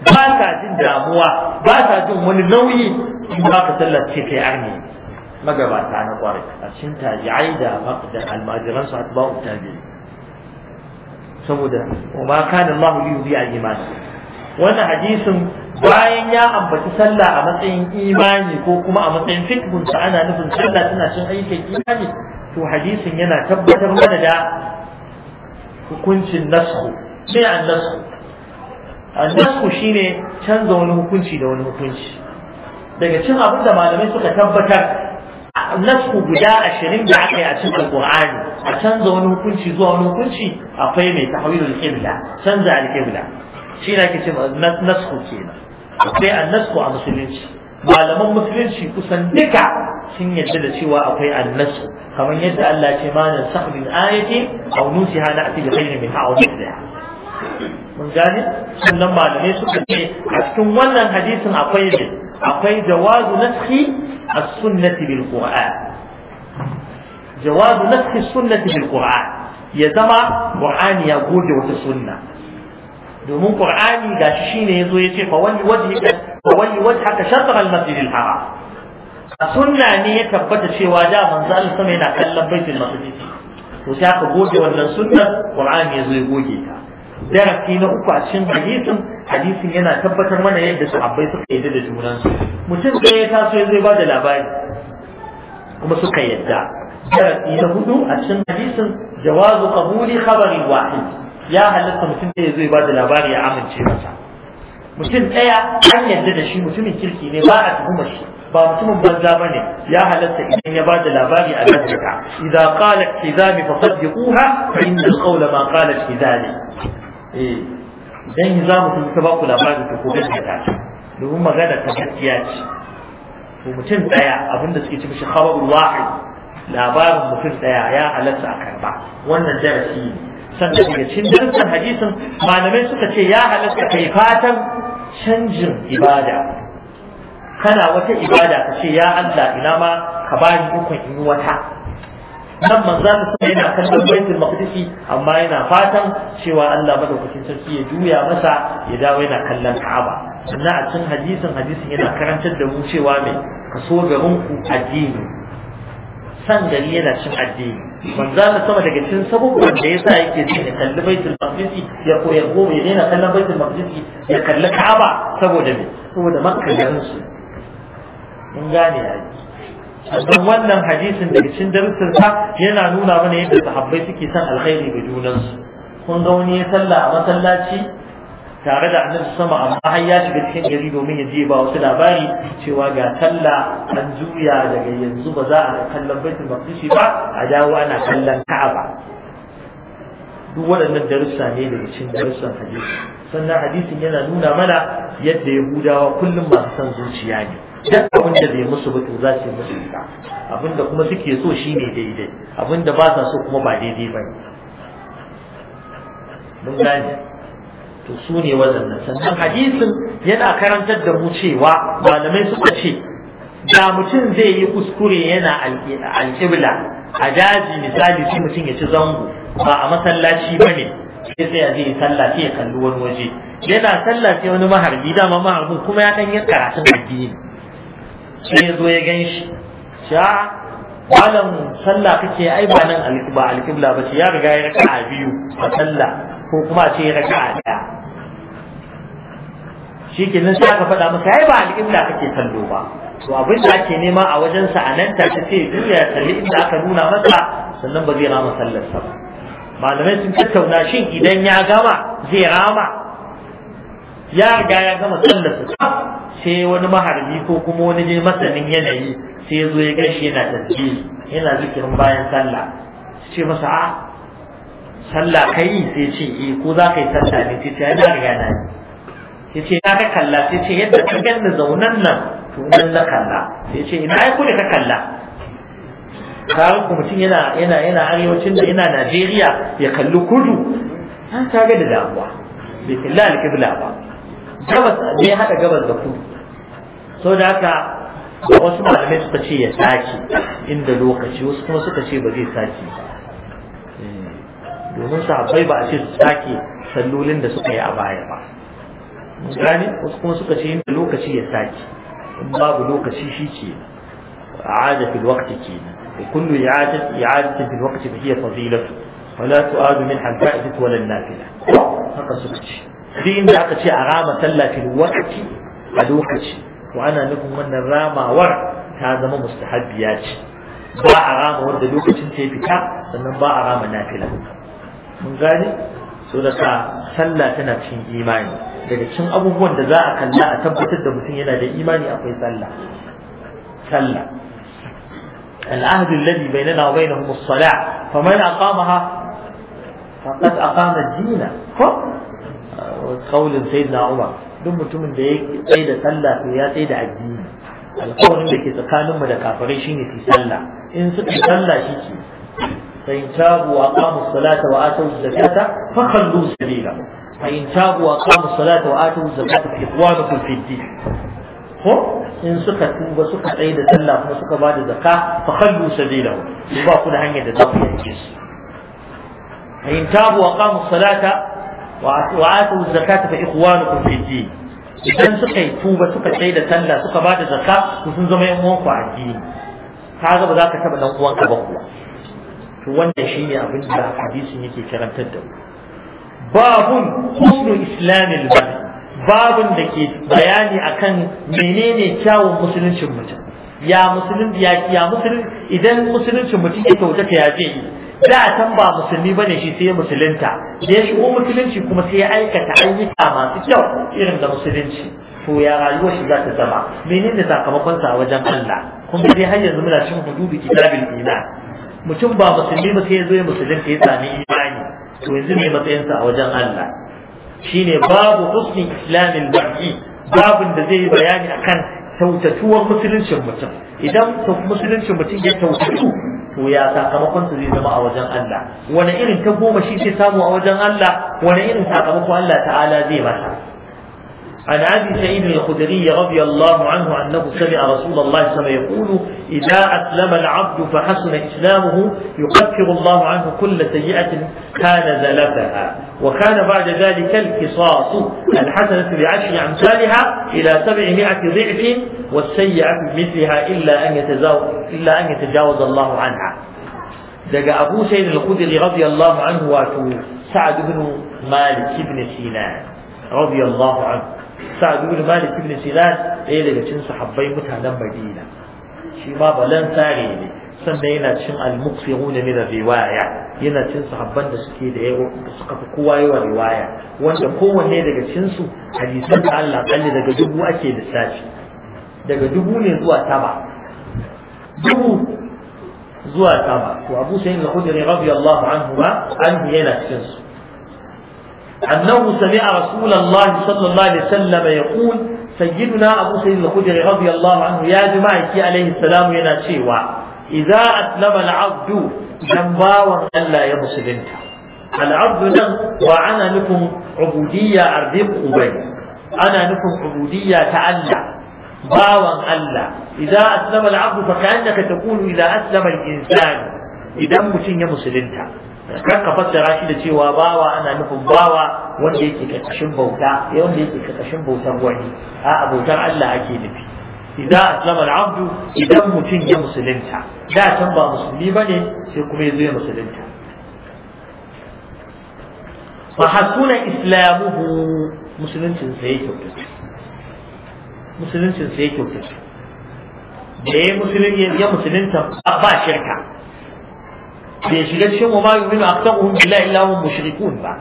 ba sa jin damuwa ba sa jin wani nauyi in ba ka sallah ce kai arni magabata na kwarai a cikin tabi'ai da da almajiran su atba'u ne saboda wa ma kana Allah li yubi'a imani wannan hadisin bayan ya ambaci sallah a matsayin imani ko kuma a matsayin fitbun ta ana nufin sallah tana cin aikin imani to hadisin yana tabbatar mana da hukuncin nasku sai an nasku an nasku shine canza wani hukunci da wani hukunci daga cin abin da malamai suka tabbatar nasku guda ashirin da aka yi a cikin alƙur'ani a canza wani hukunci zuwa wani hukunci akwai mai tahwilul qibla canza al-qibla shi na ke ce nasku kenan akwai nasku a musulunci malaman musulunci kusan duka sun yadda da cewa akwai annasku kamar yadda Allah ce ma nan sah min ayati aw nusiha na ati bi khairin min aw da mun gane sannan malamai suka ce a cikin wannan hadisin akwai ne akwai jawazu naskhi as-sunnati bil qur'an jawazu naskhi as-sunnati bil qur'an ya zama qur'ani ya goge wata sunna domin ƙur'ani gashi shine yazo yace fa wani wajhika fa wani wajhaka shatr al-masjid al sunna ne ya tabbata cewa da manzo Allah sama yana kallon baitul maqdis to sai aka goge wannan sunna ya yazo ya goge ta darasi na uku a cikin hadisin hadisin yana tabbatar mana yadda abai suka yadda da su. mutum ɗaya ya taso ya zai ba da labari kuma suka yadda darasi na hudu a cikin hadisin jawazu qabuli khabari wahid ya halatta mutum ɗaya zai ba da labari ya amince masa mutum ɗaya an yarda da shi mutumin kirki ne ba a tuhumar shi ba mutumin banza ba ne ya halatta idan ya ba da labari a gaskata idan qala kizami fa saddiquha fa inna al ma qala kizami eh za mutum ta ba ku labari ta ko gaskata domin magana ta gaskiya ce to mutum ɗaya abinda suke ci mishi khabarul wahid labarin mutum ɗaya ya halatta a karba wannan darasi ne sannan daga cikin darussan hadisin malamai suka ce ya halatta kai fatan canjin ibada kana wata ibada ka ce ya Allah ina ma ka bani ikon in wata nan manzon sa yana kallon baitul maqdisi amma yana fatan cewa Allah madaukakin sarki ya juya masa ya dawo yana kallon Ka'aba sannan a cikin hadisin hadisin yana karantar da mu cewa mai kaso garin ku addini san gari yana cin addini za ta sama daga cikin sabubban da yasa yake son ya kalli baitul maqdis ya koyar gobe ya daina kallon baitul maqdis ya kalli Ka'aba saboda me saboda makka garin su mun gane yayi don wannan hadisin daga cikin darussan sa yana nuna mana yadda sahabbai suke son alkhairi ga junansu kun ga wani ya salla a masallaci tare da annabi sama amma har ya shiga cikin gari domin ya je ba wasu labari cewa ga talla an juya daga yanzu ba za a kallon baitul maqdisi ba a dawo ana kallon ka'aba duk waɗannan darussa ne daga cikin darussan hadisi sannan hadisin yana nuna mana yadda yahudawa kullum masu son zuciya ne duk abin da bai musu ba to za su musu ita abin da kuma suke so shine daidai abin da ba sa so kuma ba daidai ba ne mun gane to su ne waɗannan sannan hadisin yana karantar da mu cewa malamai suka ce da mutum zai yi kuskure yana alƙibla a daji misali sai mutum ya ci zango ba a masallaci ba ne sai sai a zai yi sallah sai ya kalli wani waje yana sallah sai wani maharbi dama maharbin kuma ya ɗan yi karatun addini sai ya zo ya gan shi sha malam sallah kake ai ba nan ba alƙibla ba ce ya riga ya raka a biyu a sallah ko kuma a ce raka daya shi ke nan sai aka faɗa masa ai ba al'imla kake kallo ba to abin da ake nema a wajensa a nan ta ce duniya ya kalli inda aka nuna masa sannan ba zai rama sallarsa ba malamai sun tattauna shin idan ya gama zai rama ya riga ya gama sallarsa sai wani maharbi ko kuma wani ne masanin yanayi sai ya zo ya gashi yana tasbihi yana zikirin bayan sallah ce masa a ah, sallah kai sai ce eh ko za ka yi sallah ne sai ce ai na riga na yi sai ce na ka kalla sai ce yadda ka ni zaunan nan to nan na kalla sai ce ina ai ko da ka kalla kaga mutum yana yana yana arewacin da yana Najeriya ya kalli kudu an kaga da damuwa bai kalla alƙibla ba gabas ne haɗa gabas da kudu so da haka wasu malamai suka ce ya sake inda lokaci wasu kuma suka ce ba zai sake ba domin sahabbai ba a ce su sake sallolin da suka yi a baya ba gani wasu kuma suka ce yin lokaci ya sake in babu lokaci shi ke عادة في الوقت كينا وكل إعادة إعادة في الوقت فهي فضيلة ولا تؤاد منها الفائدة ولا النافلة haka suka ce duk inda aka ce a rama sallah fil waqti a lokaci to ana nufin wannan ramawar ta zama mustahabbiya ce ba a rama wanda lokacin ta fita sannan ba a rama nafila mun gane so sallah tana cikin imani daga cikin abubuwan da za a kalla a tabbatar da mutum yana da imani akwai sallah sallah العهد الذي بيننا وبينهم الصلاة فمن أقامها فقد أقام الدين قول سيدنا عمر duk mutumin da ya tsaye da sallah to ya tsaye da addini alƙawarin da ke tsakaninmu da kafirai shine su sallah in suka sallah shi ke فإن تابوا وأقاموا الصلاة وآتوا الزكاة فخلوا سبيلهم فإن تابوا وأقاموا الصلاة وآتوا الزكاة في الدين ko in suka tuba suka tsaye da sallah kuma suka ba da zakka fa khallu sabilahu ba ku da hanyar da za ku yanke su wa salata idan suka yi tuba suka tsaye da sallah suka ba da zakka to sun zama yan uwan ku addini kaga ba za ka taba dan uwanka ba kuwa to wannan shine abin da hadisin yake karantar da mu babun husnu islamil mar'i babun da ke bayani akan menene kyawun musuluncin mutum ya musulun ya ya musulun idan musuluncin mutum ya kyautata ya je ni, da tan ba musulmi bane shi sai musulunta da ya shigo musulunci kuma sai ya aikata ayyuka masu kyau irin da musulunci to ya rayuwar shi za ta zama menene sakamakon sa wajen Allah Kuma dai har yanzu muna cin hudubi kitabil iman mutum ba musulmi ba sai ya zo ya musulunta ya sami imani to yanzu ne matsayinsa a wajen Allah shine babu husnin islamin mar'i babun da zai yi bayani akan tautatuwar musuluncin mutum idan musuluncin mutum ya tautatu to ya sakamakon su zai zama a wajen Allah wani irin ta goma shi sai samu a wajen Allah wani irin sakamakon Allah ta'ala zai masa عن أبي سعيد الخدري رضي الله عنه أنه سمع رسول الله صلى الله عليه وسلم يقول إذا أسلم العبد فحسن إسلامه يكفر الله عنه كل سيئة كان زلفها وكان بعد ذلك القصاص الحسنة بعشر أمثالها إلى سبعمائة ضعف والسيئة مثلها إلا أن يتجاوز إلا أن يتجاوز الله عنها دقى أبو سعيد الخدري رضي الله عنه وأتوه سعد بن مالك بن سينان رضي الله عنه sa'adu da malik ibn silas. ɗaya daga cin sahabbai mutanen madina shi ma balan sare ne sannan yana cin al-muqsirun min riwaya yana cin sahabban da suke da da suka fi kowa yawa riwaya wanda kowanne daga cin su hadisan da Allah kalli daga dubu ake lissafi daga dubu ne zuwa taba dubu zuwa taba to Abu Sa'id al-Khudri radiyallahu anhu ma an yana cin su أنه سمع رسول الله صلى الله عليه وسلم يقول سيدنا أبو سيد الخدري رضي الله عنه يا جماعة عليه السلام ينا شيوا إذا أسلم العبد جنبا ألا انت العبد نن وأنا لكم عبودية أرضي أبي أنا لكم عبودية تعلى باوا ألا إذا أسلم العبد فكأنك تقول إذا أسلم الإنسان إذا مسلم انت kanka ka fassara shi da cewa bawa ana nufin bawa wanda yake karkashin bauta eh, wanda yake karkashin bautar wani a bautar Allah ake nufi idan aslama al'abdu idan mutum ya musulunta da can ba musulmi ba ne sai kuma ya zo ya musulunta fa hasuna islamuhu musuluncin sa yake musuluncin sa yake da ya musulunta ba shirka bai shiga cikin wa ma yu'minu aktsaruhum billahi illa hum mushrikun ba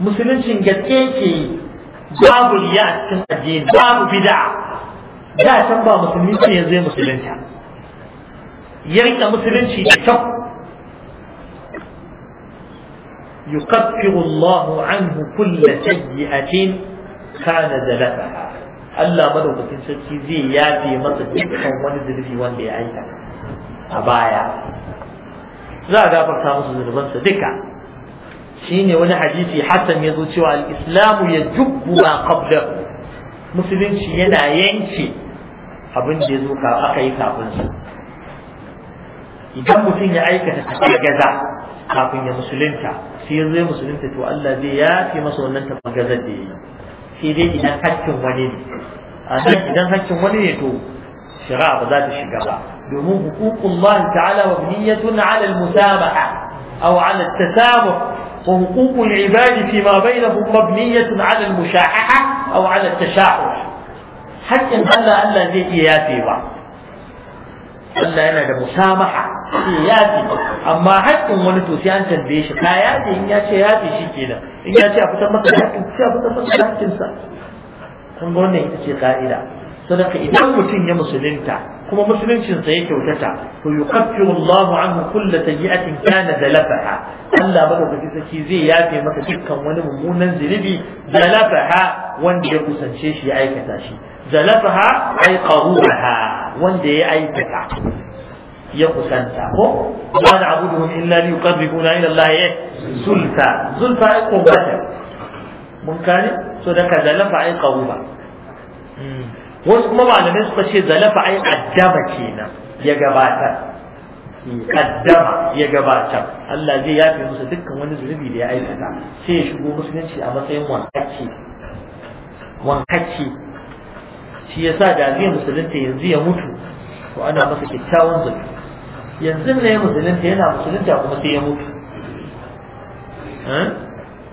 musuluncin gaske yake babu riya a cikin addini babu bid'a da can ba musulmi yanzu ya musulunta ya rika musulunci da kyau يكفر الله عنه كل سيئة كان زلفها Allah madaukakin sarki zai yafe masa dukkan wani zunubi wanda ya aika a baya za a gafarta musu zunubansa duka shine wani hadisi Hassan ya zo cewa al-islamu ya jubbu ma qabla musulunci yana yanke abin da ya zo ka aka yi kafin su idan mutum ya aikata ta gaza kafin ya musulunta sai ya musulunta to Allah zai yafe masa wannan ta da ya yi sai dai idan hakkin wani ne a nan idan hakkin wani ne to shari'a ba za ta shiga ba بأمور حقوق الله تعالى مبنية على المسامحة أو على التسامح وحقوق العباد فيما بينهم مبنية على المشاححة أو على التشاحح حتى إن قال ألا يأتي ياتي بعض قال أنا مسامحة ياتي أما حتى من توسي أنت البيش لا ياتي إن ياتي ياتي شي كذا إن ياتي أبو تمت ياتي أبو تمت ياتي أبو تمت ياتي أبو تمت ياتي أبو تمت ياتي sadaka idan mutum ya musulunta kuma musuluncinsa ya kyautata to yi kafi an yuqaffiru Allahu anhu kullu sayyi'atin kana dalafaha Allah madaukaki saki zai yafe maka dukkan wani mummunan zunubi dalafaha wanda ya kusance shi ya aikata shi dalafaha ay qaruha wanda ya aikata ya kusanta ko wa na'buduhum illa liyuqarribuna ila Allah eh, zulfa zulfa ay qurbata mun kane so da ka dalafa ay qaruba hmm. wasu kuma malamai suka ce zalafa ai addaba kenan ya gabatar kaddama hmm, ya gabatar Allah zai yafe musu dukkan wani zunubi da ya aikata sai ya shigo musulunci a matsayin wankacce wankacce shi yasa da zai musulunta yanzu ya mutu to ana masa kyakkyawan zato yanzu ne ya musulunta yana musulunta kuma sai ya mutu hmm?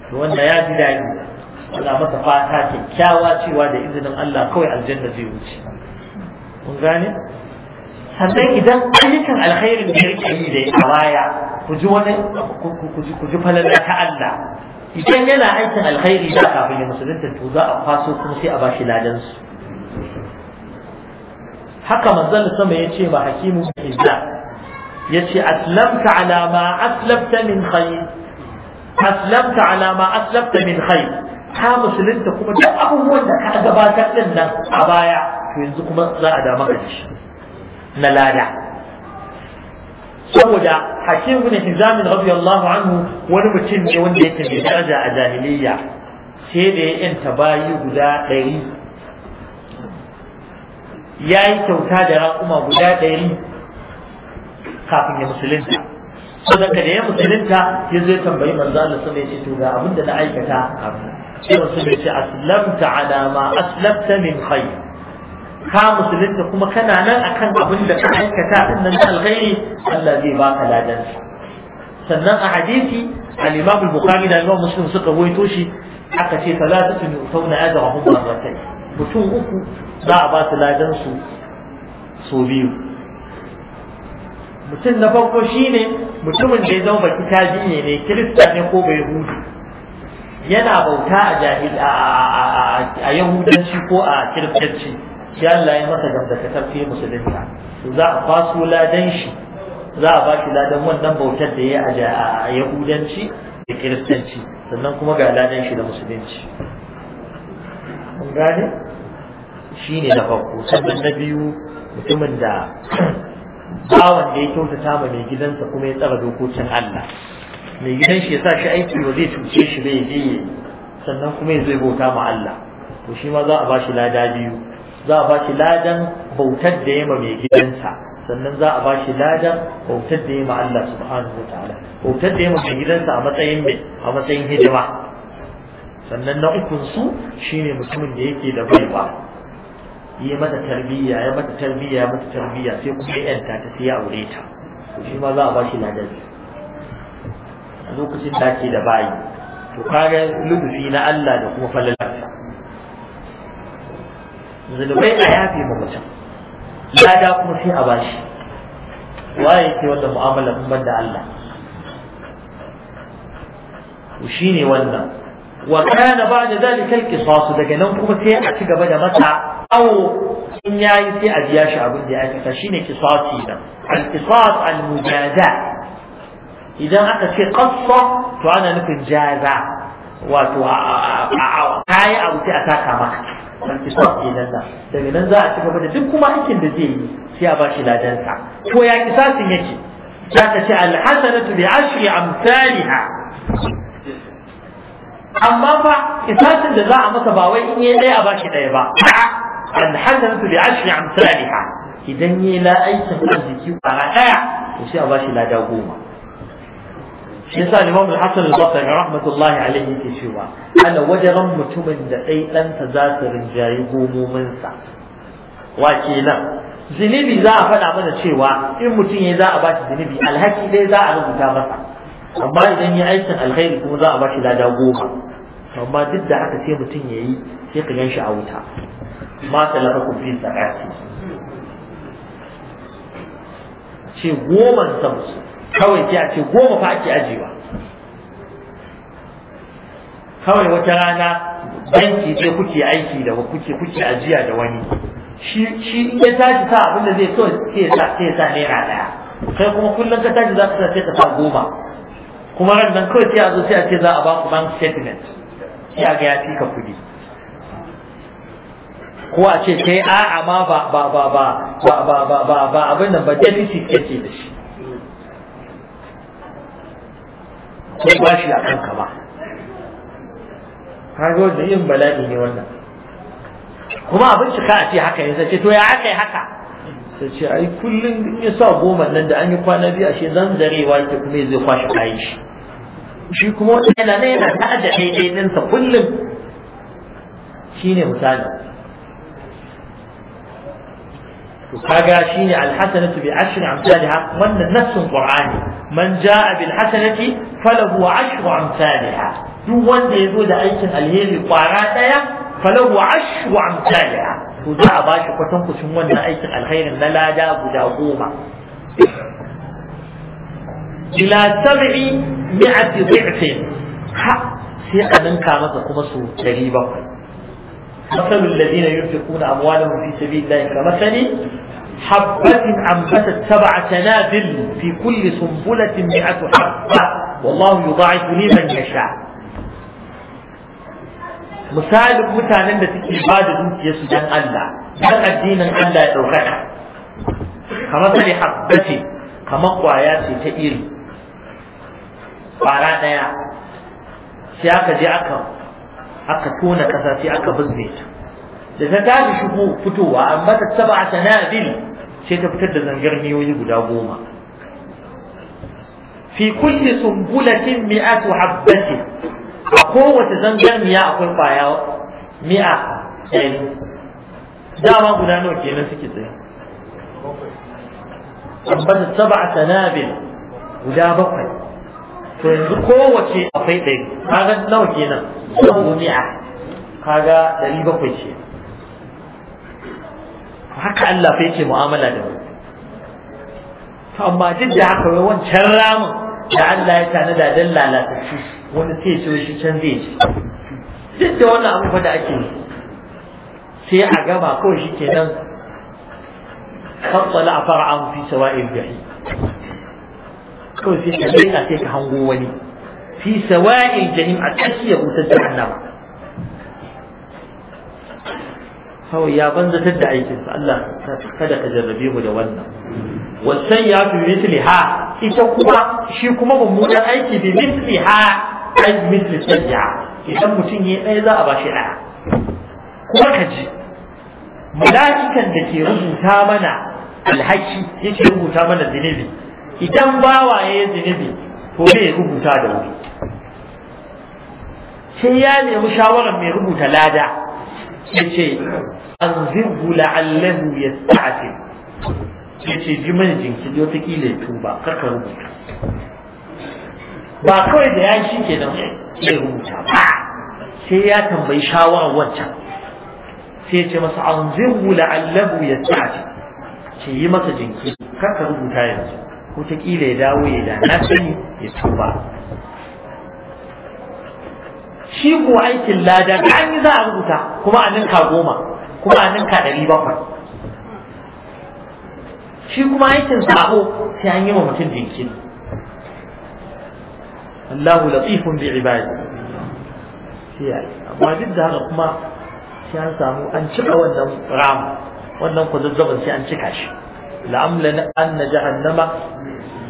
to wanda ya ji daɗi Na masa fata kyakkyawa cewa da izinin Allah kawai aljanna zai wuce mun gane sannan idan ayyukan alkhairin da yake yi da ya baya ku ji wani ku ji falala ta Allah idan yana aikin alkhairi da kafin ya musulunta to za a kwaso kuma sai a bashi ladan su haka manzon sama yace ma hakimu hizza yace aslamta ala ma aslamta min khair aslamta ala ma aslamta min khair ta musulunta kuma duk abubuwan da ka gabatar din nan a baya to yanzu kuma za a dama da shi na lada saboda hakim ibn hizam Allahu anhu wani mutum ne wanda yake da daraja a jahiliyya sai da ya yanta bayi guda ɗari ya yi kyauta da raƙuma guda ɗari kafin ya musulunta saboda da ya musulunta ya zo ya tambayi manzo Allah sama ya ce to ga abin da na aikata sai rasul ya ce aslamta ala ma aslamta min khair ka musulunta kuma kana nan akan abin da ka aikata din nan alkhairi Allah zai baka ladan sannan a hadisi al-Imam al-Bukhari da Imam Muslim suka rawaito shi aka ce salatatu yu'tawna ajrahum marratayn mutum uku za a ba su ladan su so biyu mutum na farko shine mutumin da ya zama baki tajiye ne kirista ne ko bai hudu yana bauta a jahil a yahudanci ko a kiristanci shi Allah ya masa tafi fi musulunta za a kwaso ladan shi za a bashi ladan wannan bautar da ya yi a yahudanci da kiristanci sannan kuma ga ladan shi da musulunci mun gane shi ne na farko sannan na biyu mutumin da bawan da ya kyautata ma mai gidansa kuma ya tsara dokokin Allah mai gidan shi ya sa shi aiki ba zai cuce shi bai je yi sannan kuma ya zai bauta ma Allah to shi ma za a ba shi lada biyu za a ba shi ladan bautar da ya ma mai gidansa sannan za a ba shi ladan bautar da ya ma Allah subhanahu wataala bautar da ya ma mai gidansa a matsayin mai a matsayin hidima sannan na ukun su shine mutumin da yake da baiwa yi mata tarbiyya ya mata tarbiyya ya mata tarbiyya sai kuma ya yanta ta sai ya aure ta to shi ma za a ba shi ladan biyu lokacin da ake da bayi to kaga lubufi na Allah da kuma falalarsa Zulubai a yafe ma mutum lada kuma sai a bashi waye ke wanda mu'amala kun banda Allah to shine wannan wa kana ba'da zalika al-qisas daga nan kuma sai a ci gaba da mata awo in yayi sai a biya shi abin da ya aikata shine qisasi da al-qisas al-mujada idan aka ce qassa to ana nufin jaza wato kayi abu sai a taka maka kisar kenan da daga nan za a ci gaba da duk kuma aikin da zai yi sai a bashi ladansa Ko ya ki kisasin yake za ka ce alhasanatu bi ashri amsalha amma fa kisasin da za a masa ba wai in yi ɗaya a bashi daya ba alhasanatu bi ashri amsalha idan yi la aikin arziki kwara ɗaya to sai a bashi lada goma yasa Imam Al-Hasan Al-Basri rahmatullahi alaihi yake cewa ana wajaran mutumin da dai ɗansa za su rinjayi gomomin sa zinibi za a faɗa mana cewa in mutum ya za a bashi zinibi alhaki dai za a rubuta masa amma idan ya aikin alkhairi kuma za a shi lada goma amma duk da haka sai mutum ya yi sai ka gan shi a wuta ma talaka kun fi sa'ati ce goma musu. kawai sai a ce goma fa ake ajiyewa kawai wata rana banki sai kuke aiki da kuke kuke ajiya da wani shi shi in ya tashi sa abin da zai so sai ya sa sai ya sa naira daya kai kuma kullum ka tashi za ka sa sai ka sa goma kuma ran nan kawai sai a zo sai a ce za a ba ku bank statement sai a ga ya fi ka kuɗi ko a ce kai a'a ma ba ba ba ba ba ba ba abin nan ba deficit kake da shi sai ba shi a kanka ba kaga da yin bala'i ne wannan kuma abin cika a ce haka yanzu ce to ya aka haka sai ce ai kullum in ya sa goma nan da an yi kwana biyu shi zan wa ke kuma zai kwashe kayan shi shi kuma wani yana nan yana ta'adda sa kullum shine misali kaga shine alhasanatu bi ashri amsalha wannan nassun qur'ani man jaa bil hasanati falahu ashru amsalha duk wanda yazo da aikin alheri kwara daya falahu ashru amsalha to za a bashi kwatan kucin wannan aikin alherin na lada guda goma ila sab'i mi'ati dhi'fin ha sai a ninka masa kuma su 700 مثل الذين ينفقون أموالهم في سبيل الله كمثل حبة أنبتت سبع سنابل في كل سنبلة مئة حبة والله يضاعف لمن يشاء misalin mutanen da suke ba da dukiyarsu don Allah don addinin Allah ya ɗaukaka kamar sani habba ce kamar ce ta iri ƙwara ɗaya sai aka je aka tona ƙasa sai aka bizne ta da ta tashi shigo fitowa amma ta saba sanabil sai ta fitar da zangarniyoyi guda goma fi kulli sumbulatin mi'atu habbati a kowace zangarniya akwai kwaya mi'a ɗari dama guda nawa kenan suke tsaye amma ta saba a sanabil guda bakwai to yanzu kowace akwai ɗari kaga nawa kenan sabu mi'a kaga dari bakwai ce haka Allah fa yake mu'amala da mu to amma duk da haka wai wancan ramin da Allah ya tanada dan lalatattu wani sai ya ci shi can zai ci duk da wannan abu fa da ake yi sai a gama kawai shi ke nan fattala a fara'an fi sawa'il jahim kawai sai ka daina sai ka hango wani fi sawa'il jahim a tsakiyar wutar jahannama kawai ya banzatar da aikinsa Allah kada ka jarrabe mu da wannan wasan ya fi ha, ita kuma shi kuma mummunan aiki bi misliha ai misli sajja idan mutum ya ɗaya za a ba shi ɗaya kuma ka ji mala'ikan da ke rubuta mana alhaki yake rubuta mana zinubi idan bawa yayi yi zinubi to bai rubuta da wuri sai ya nemi shawarar mai rubuta lada ya ce an zirgu la'allahu ya sa'atin ya ce ji mana jinkiri kila ya tuba karka rubuta ba kawai da ya shi ke da ya rubuta ba sai ya tambayi shawarar wancan sai ya ce masa an zirgu la'allahu ya sa'atin ce yi masa jinki karka rubuta yanzu ko ta kila ya dawo ya da na sani ya tuba shi ko aikin lada da an yi za a rubuta kuma a ninka goma kuma a ninka ɗari bakwai shi kuma aikin sabo sai an yi wa mutum jinkiri Allahu latifun bi ibadi sai amma duk da haka kuma sai an samu an cika wannan ram wannan kwazazzabin sai an cika shi la'amlana anna jahannama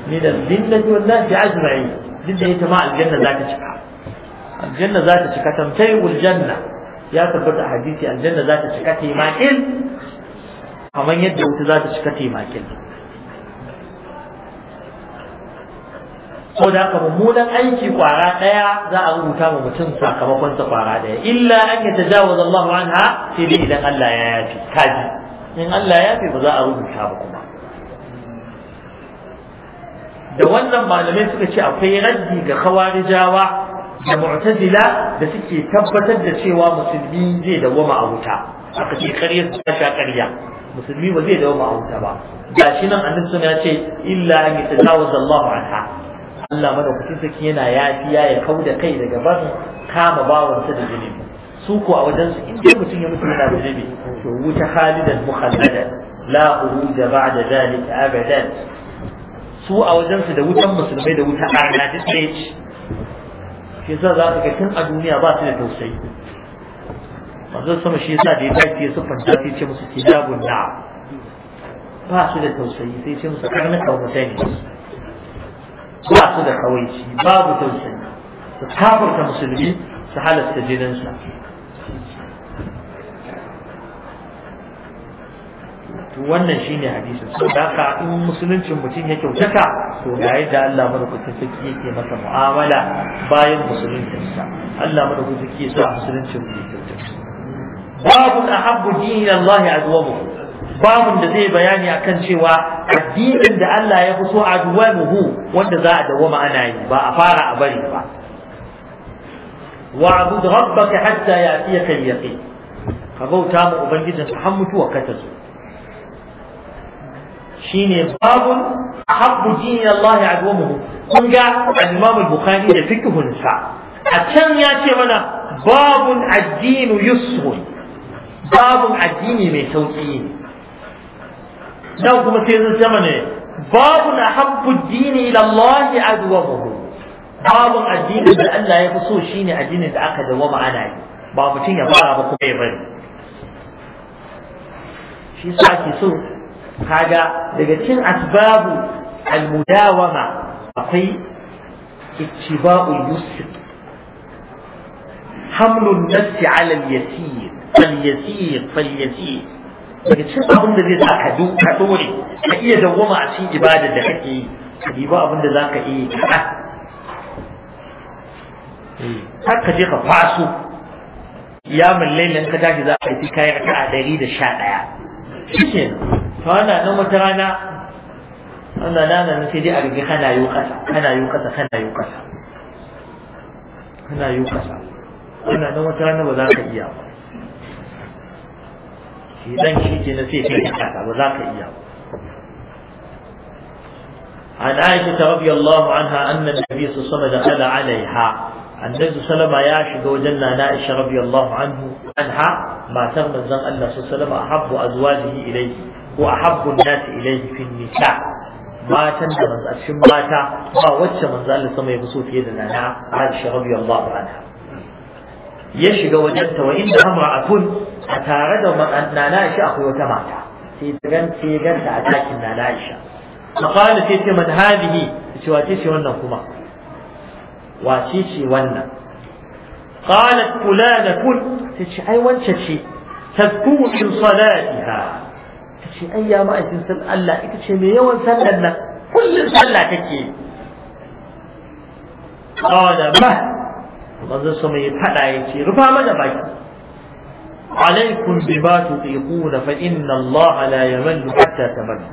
min al ji wannan nasi ajma'in duk da ita ma aljanna za ta cika aljanna za ta cika tamtayul janna ya tabbata hadisi aljanna za ta cika taimakil kamar yadda wuta za ta cika taimakin. ko da haka mummunan aiki kwara daya za a rubuta ma mutum sakamakonsa kwara daya illa an ya tajawaza Allahu anha sai dai idan Allah ya yafi kaji in Allah ya yafi ba za a rubuta ba kuma da wannan malamai suka ce akwai raddi ga jawa. da mu'tazila da suke tabbatar da cewa musulmi zai dawama a wuta aka ce kariya ta sha kariya musulmi ba zai dawama a wuta ba ga shi nan annabi sun ya ce illa an yatawaz Allah anha Allah madaukakin saki yana yafiya ya kauda kai daga barin kama bawansa da jini su ko a wajen su inda mutum ya mutu yana jini to wuta halidan mukhalladan la uruja ba'da zalika abadan su a wajen su da wutan musulmai da wuta arna na ɗaya yasa za ka ga tun a duniya ba su da tausayi manzo sama shi yasa da ya dace ya fanta sai ce musu ba su da tausayi sai ce musu kawata ne ba su da kawaici babu tausayi su kafarta musulmi su halasta jininsa to wannan shine hadisin so da ka in musuluncin mutum ya kyautata to yayi da Allah madaukakin sarki yake masa mu'amala bayan musuluncinsa Allah madaukakin sarki ya sa musuluncin mu kyautata babu ahabbu dinin Allah azwamu Babu da zai bayani akan cewa addinin da Allah ya fi so azwamuhu wanda za a dawoma ana yi ba a fara a bari ba wa'bud rabbaka hatta ya'tiyaka al-yaqin ka bauta ma ubangijinka har mutuwa ka ta zo shine babun habbu dini Allah ya adomu kun ga al-Imam al-Bukhari da fiqhun sa a can ya ce mana babun addinu Yusuf, babun addini mai sauki ne nan kuma sai zan zama ne babun habbu dini ila Allah ya adomu babun addini da Allah ya fi so shine addinin da aka dawama ana yi ba mutum ya fara ba kuma ya bari shi sa ake so هذا لكن أسباب المداومة في اتباع اليسر حمل النفس على اليسير فاليسير فاليسير لكن أبن الذي ذاك دو كدوري هي دوما في إبادة ذكي هي ما أبن ذاك إيه كذا إيه. جيك فاسو يا من ليلة كذا كذا في كاير كذا دريد الشارع شو ana nan wata rana ana nana na sai dai a rige kana yi kasa kana yi kasa kana yi kasa kana yi kasa nan wata rana ba za ka iya ba shi dan shi ke na sai kai kasa ba za ka iya ba عن عائشة رضي الله عنها أن النبي صلى الله عليه وسلم دخل عليها النبي صلى الله عليه وسلم يعشق وجنة عائشة رضي الله عنه عنها ما تغمز أن النبي صلى الله عليه وسلم أحب أزواجه إليه wa habbun nasi ilaihi fi nisa matan da manzo a cikin mata ba wacce manzo Allah sama ya so fiye da nana Aisha radiyallahu anha ya shiga wajen ta wa inda amra'atun a tare da nana Aisha akwai wata mata sai ta gan sai ganta a cikin nana Aisha فقال تيتي من هذه تيتي وانا كما واتيتي وانا قالت ce. تيتي اي وانشتي تذكو من صلاتها ce ai ya ma'aikin san Allah ita ce mai yawan sallar nan kullum sallah take qala ma manzo sama ya fada ya ce rufa mana baki alaikum bima tuqiquna fa inna Allah la yamallu hatta tamallu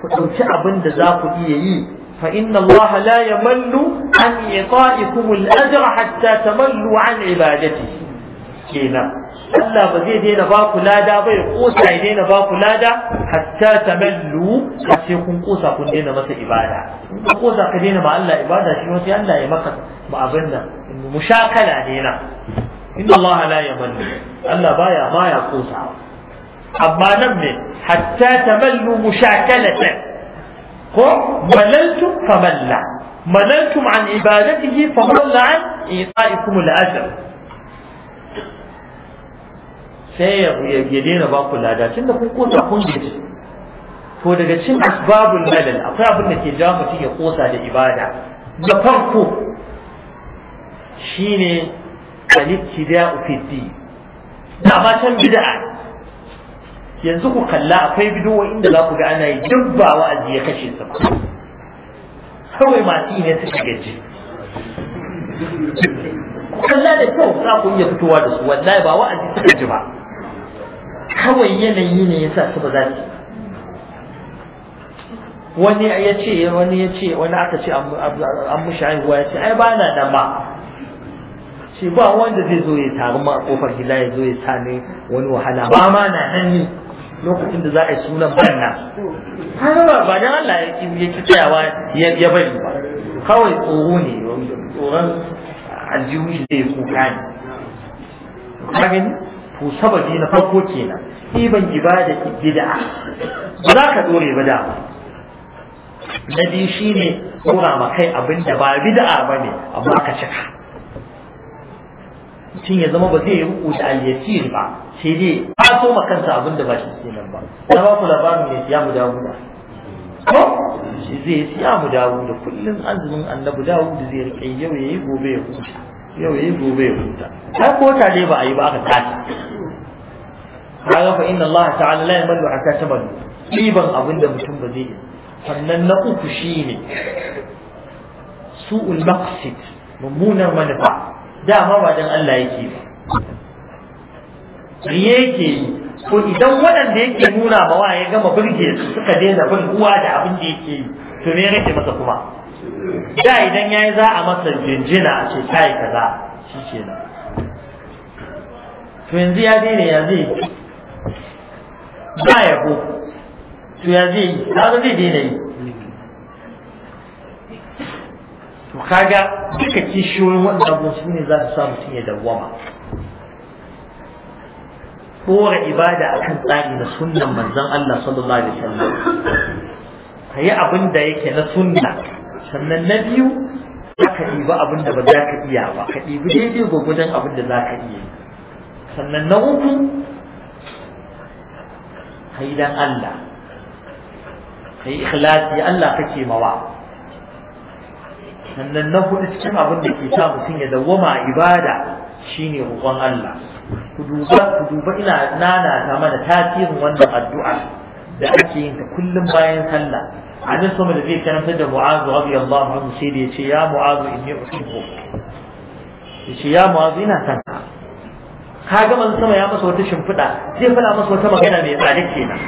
ku dauki abin da za ku iya yi fa inna Allah la yamallu an ita'ikum al-ajra hatta tamallu an ibadatihi kenan Allah ba zai daina ba ku lada ba ya kosa ya daina ba ku lada hatta ta mallu. Ya ce kun kosa kun daina masa ibada in ka kosa ka daina ma Allah ibada shi wata Allah ya maka ba abin nan mushakala daina inna Allah la yamallu Allah baya ma ya kosa amma nan ne hatta ta tamallu mushakalatan ko malaltum famalla malaltum an ibadatihi famalla an ita'ikum al-ajr sai ya daina ba ku lada tun da kun kosa kun ji to daga cin asbabul malal akwai abin da ke jawo mutum ya kosa da ibada da farko shine al fi da ma can bid'a yanzu ku kalla akwai bidowa inda za ku ga ana yi dubbawa wa'azi ya kashe su kawai masu ne suka gaji kalla da kyau za ku iya fitowa da su wallahi ba wa'azi suka ji ba kawai yanayi ne yasa su ba za su wani ya ce wani ya ce wani aka ce an mushi haihuwa ya ce ai ba na da ma ce ba wanda zai zo ya taru ma a kofar gida ya zo ya sani wani wahala ba ma na hannu lokacin da za a yi sunan banna Ba ba dan Allah ya ki tsayawa ya bari ba kawai tsoro ne tsoron aljihu zai kuka ne to sababi na farko kenan tiban ibadati bid'a ba za ka dore ba da na biyu shine dora ma kai abin da ba bid'a bane amma ka cika mutum ya zama ba zai yi ruku da al-yasir ba sai dai ba so ma kansa abin da ba shi kenan ba na ba ku labarin ne siya mu dawo da ko shi zai siya mu dawo da kullun azumin annabi dawo da zai rike yau yayi gobe ya huta yau yayi gobe ya huta ta kota dai ba a yi ba aka tashi kaga fa inna Allah ta'ala la yamallu hatta tamallu ɗiban abin da mutum ba zai yi sannan na uku shine su'ul maqsid mummunar manufa dama ba dan Allah yake ba riye yake yi ko idan waɗanda yake nuna ba wa ya gama burge su suka daina bin uwa da abin da yake yi to me rage masa kuma da idan ya yi za a masa jinjina a ce kai kaza shi kenan to yanzu ya daina ya zai ba yabo to ya zai na kaga zai daina yi to kaga duka kishiyoyin waɗanda abubuwan su ne za su sa mutum ya dawwama kora ibada akan tsari na sunnan manzon Allah sallallahu alaihi wasallam yi abin da yake na sunna sannan na biyu ka ɗiba abin da ba za ka iya ba ka ɗibi daidai gwagwadon abin da za ka iya sannan na uku kai dan Allah kai ikhlasi Allah kake mawa sannan na hudu cikin abin da ke sa mutum ya dawwama ibada shine roƙon Allah ku duba ku duba ina nanata mana tasirin wannan addu'a da ake yin ta kullum bayan sallah annabi sama da zai karanta da mu'azu radiyallahu anhu sai da ce ya mu'azu inni uhibbu yace ya mu'azu ina son ka ka ga man sama ya masa wata shimfiɗa zai faɗa masa wata magana mai tsada kenan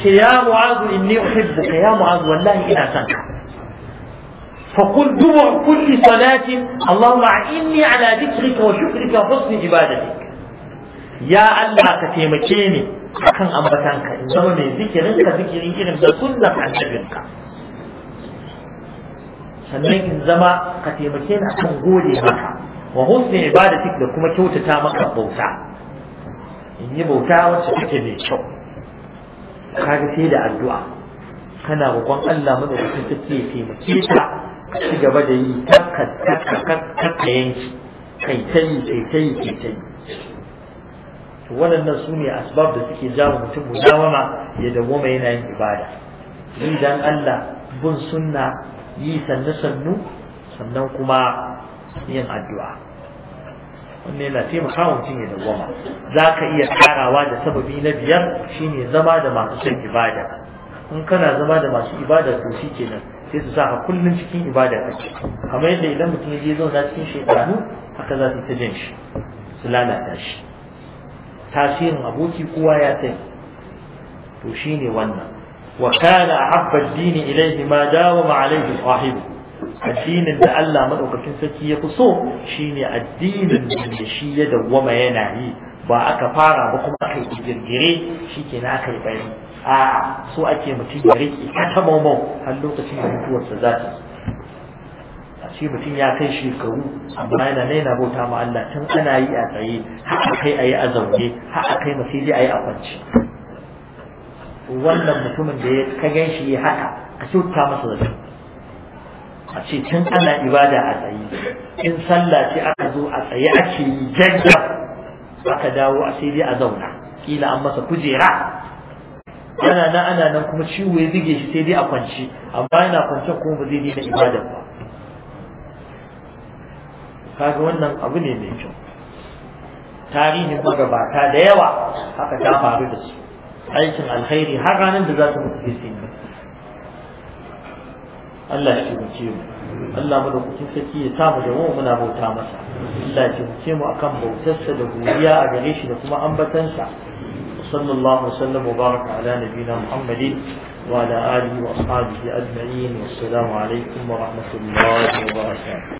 ce ya mu'azu inni uhibbuka ya mu'azu wallahi ina son ka فقل دبر كل صلاة اللهم أعني على ذكرك وشكرك وحسن عبادتك يا الله كتيمكيني akan ambatanka in zama mai zikirin ka zikirin irin da sunnan annabinka sannan in zama ka taimake ni akan gode maka wa husni ibadatik da kuma kyautata maka bauta in yi bauta wacce take mai kyau kaga sai da addu'a kana roƙon Allah madaukakin take ke taimake ka ci gaba da yi takka yanki kai ta kai tai kai tai to wannan su ne asbab da suke jawo mutum mudawama ya dawoma yana yin ibada Ni dan Allah bin sunna yi sannu sannu sannan kuma yin addu'a wannan yana taimaka wa mutum ya gwama. za ka iya karawa da sababi na biyar shine zama da masu son ibada in kana zama da masu ibada to shi kenan sai su sa kullum cikin ibada Ka kamar yadda idan mutum ya je zauna cikin shekaru haka za su ta jin shi su lalata shi tasirin aboki kowa ya sani to shine wannan wa kana ahabba ad-din ilayhi ma dawama alayhi sahibu addinin da Allah madaukakin sarki ya fi so shine addinin da shi ya dawwama yana yi ba aka fara ba kuma aka yi girgire shikenan aka yi bari a so ake mutum ya riƙe ta mamau har lokacin da mutuwarsa za ta shi mutum ya kai shekaru amma yana na yana bauta ma Allah tun ana yi a tsaye har a kai a yi a zaune har a kai masu a yi a kwance wannan mutumin da ya ka gan shi haka a kyauta masa zato a ce tun ana ibada a tsaye in sallah ce aka zo a tsaye ake yi jajja aka dawo a sai dai a zauna kila an masa kujera ana nan ana nan kuma ciwo ya zige shi sai dai a kwanci amma yana kwance kuma ba zai daina ibada ba kaga wannan abu ne mai kyau tarihin magabata da yawa haka ta faru da su aikin alkhairi har ranar da za su mutu sai sun Allah ya taimake mu Allah mu da kuke saki ya samu da mu muna bauta masa Allah ya taimake mu akan bautarsa da godiya a gare shi da kuma ambatansa sallallahu alaihi wasallam wa baraka ala nabiyina Muhammadin وعلى آله وأصحابه أجمعين والسلام عليكم ورحمة الله وبركاته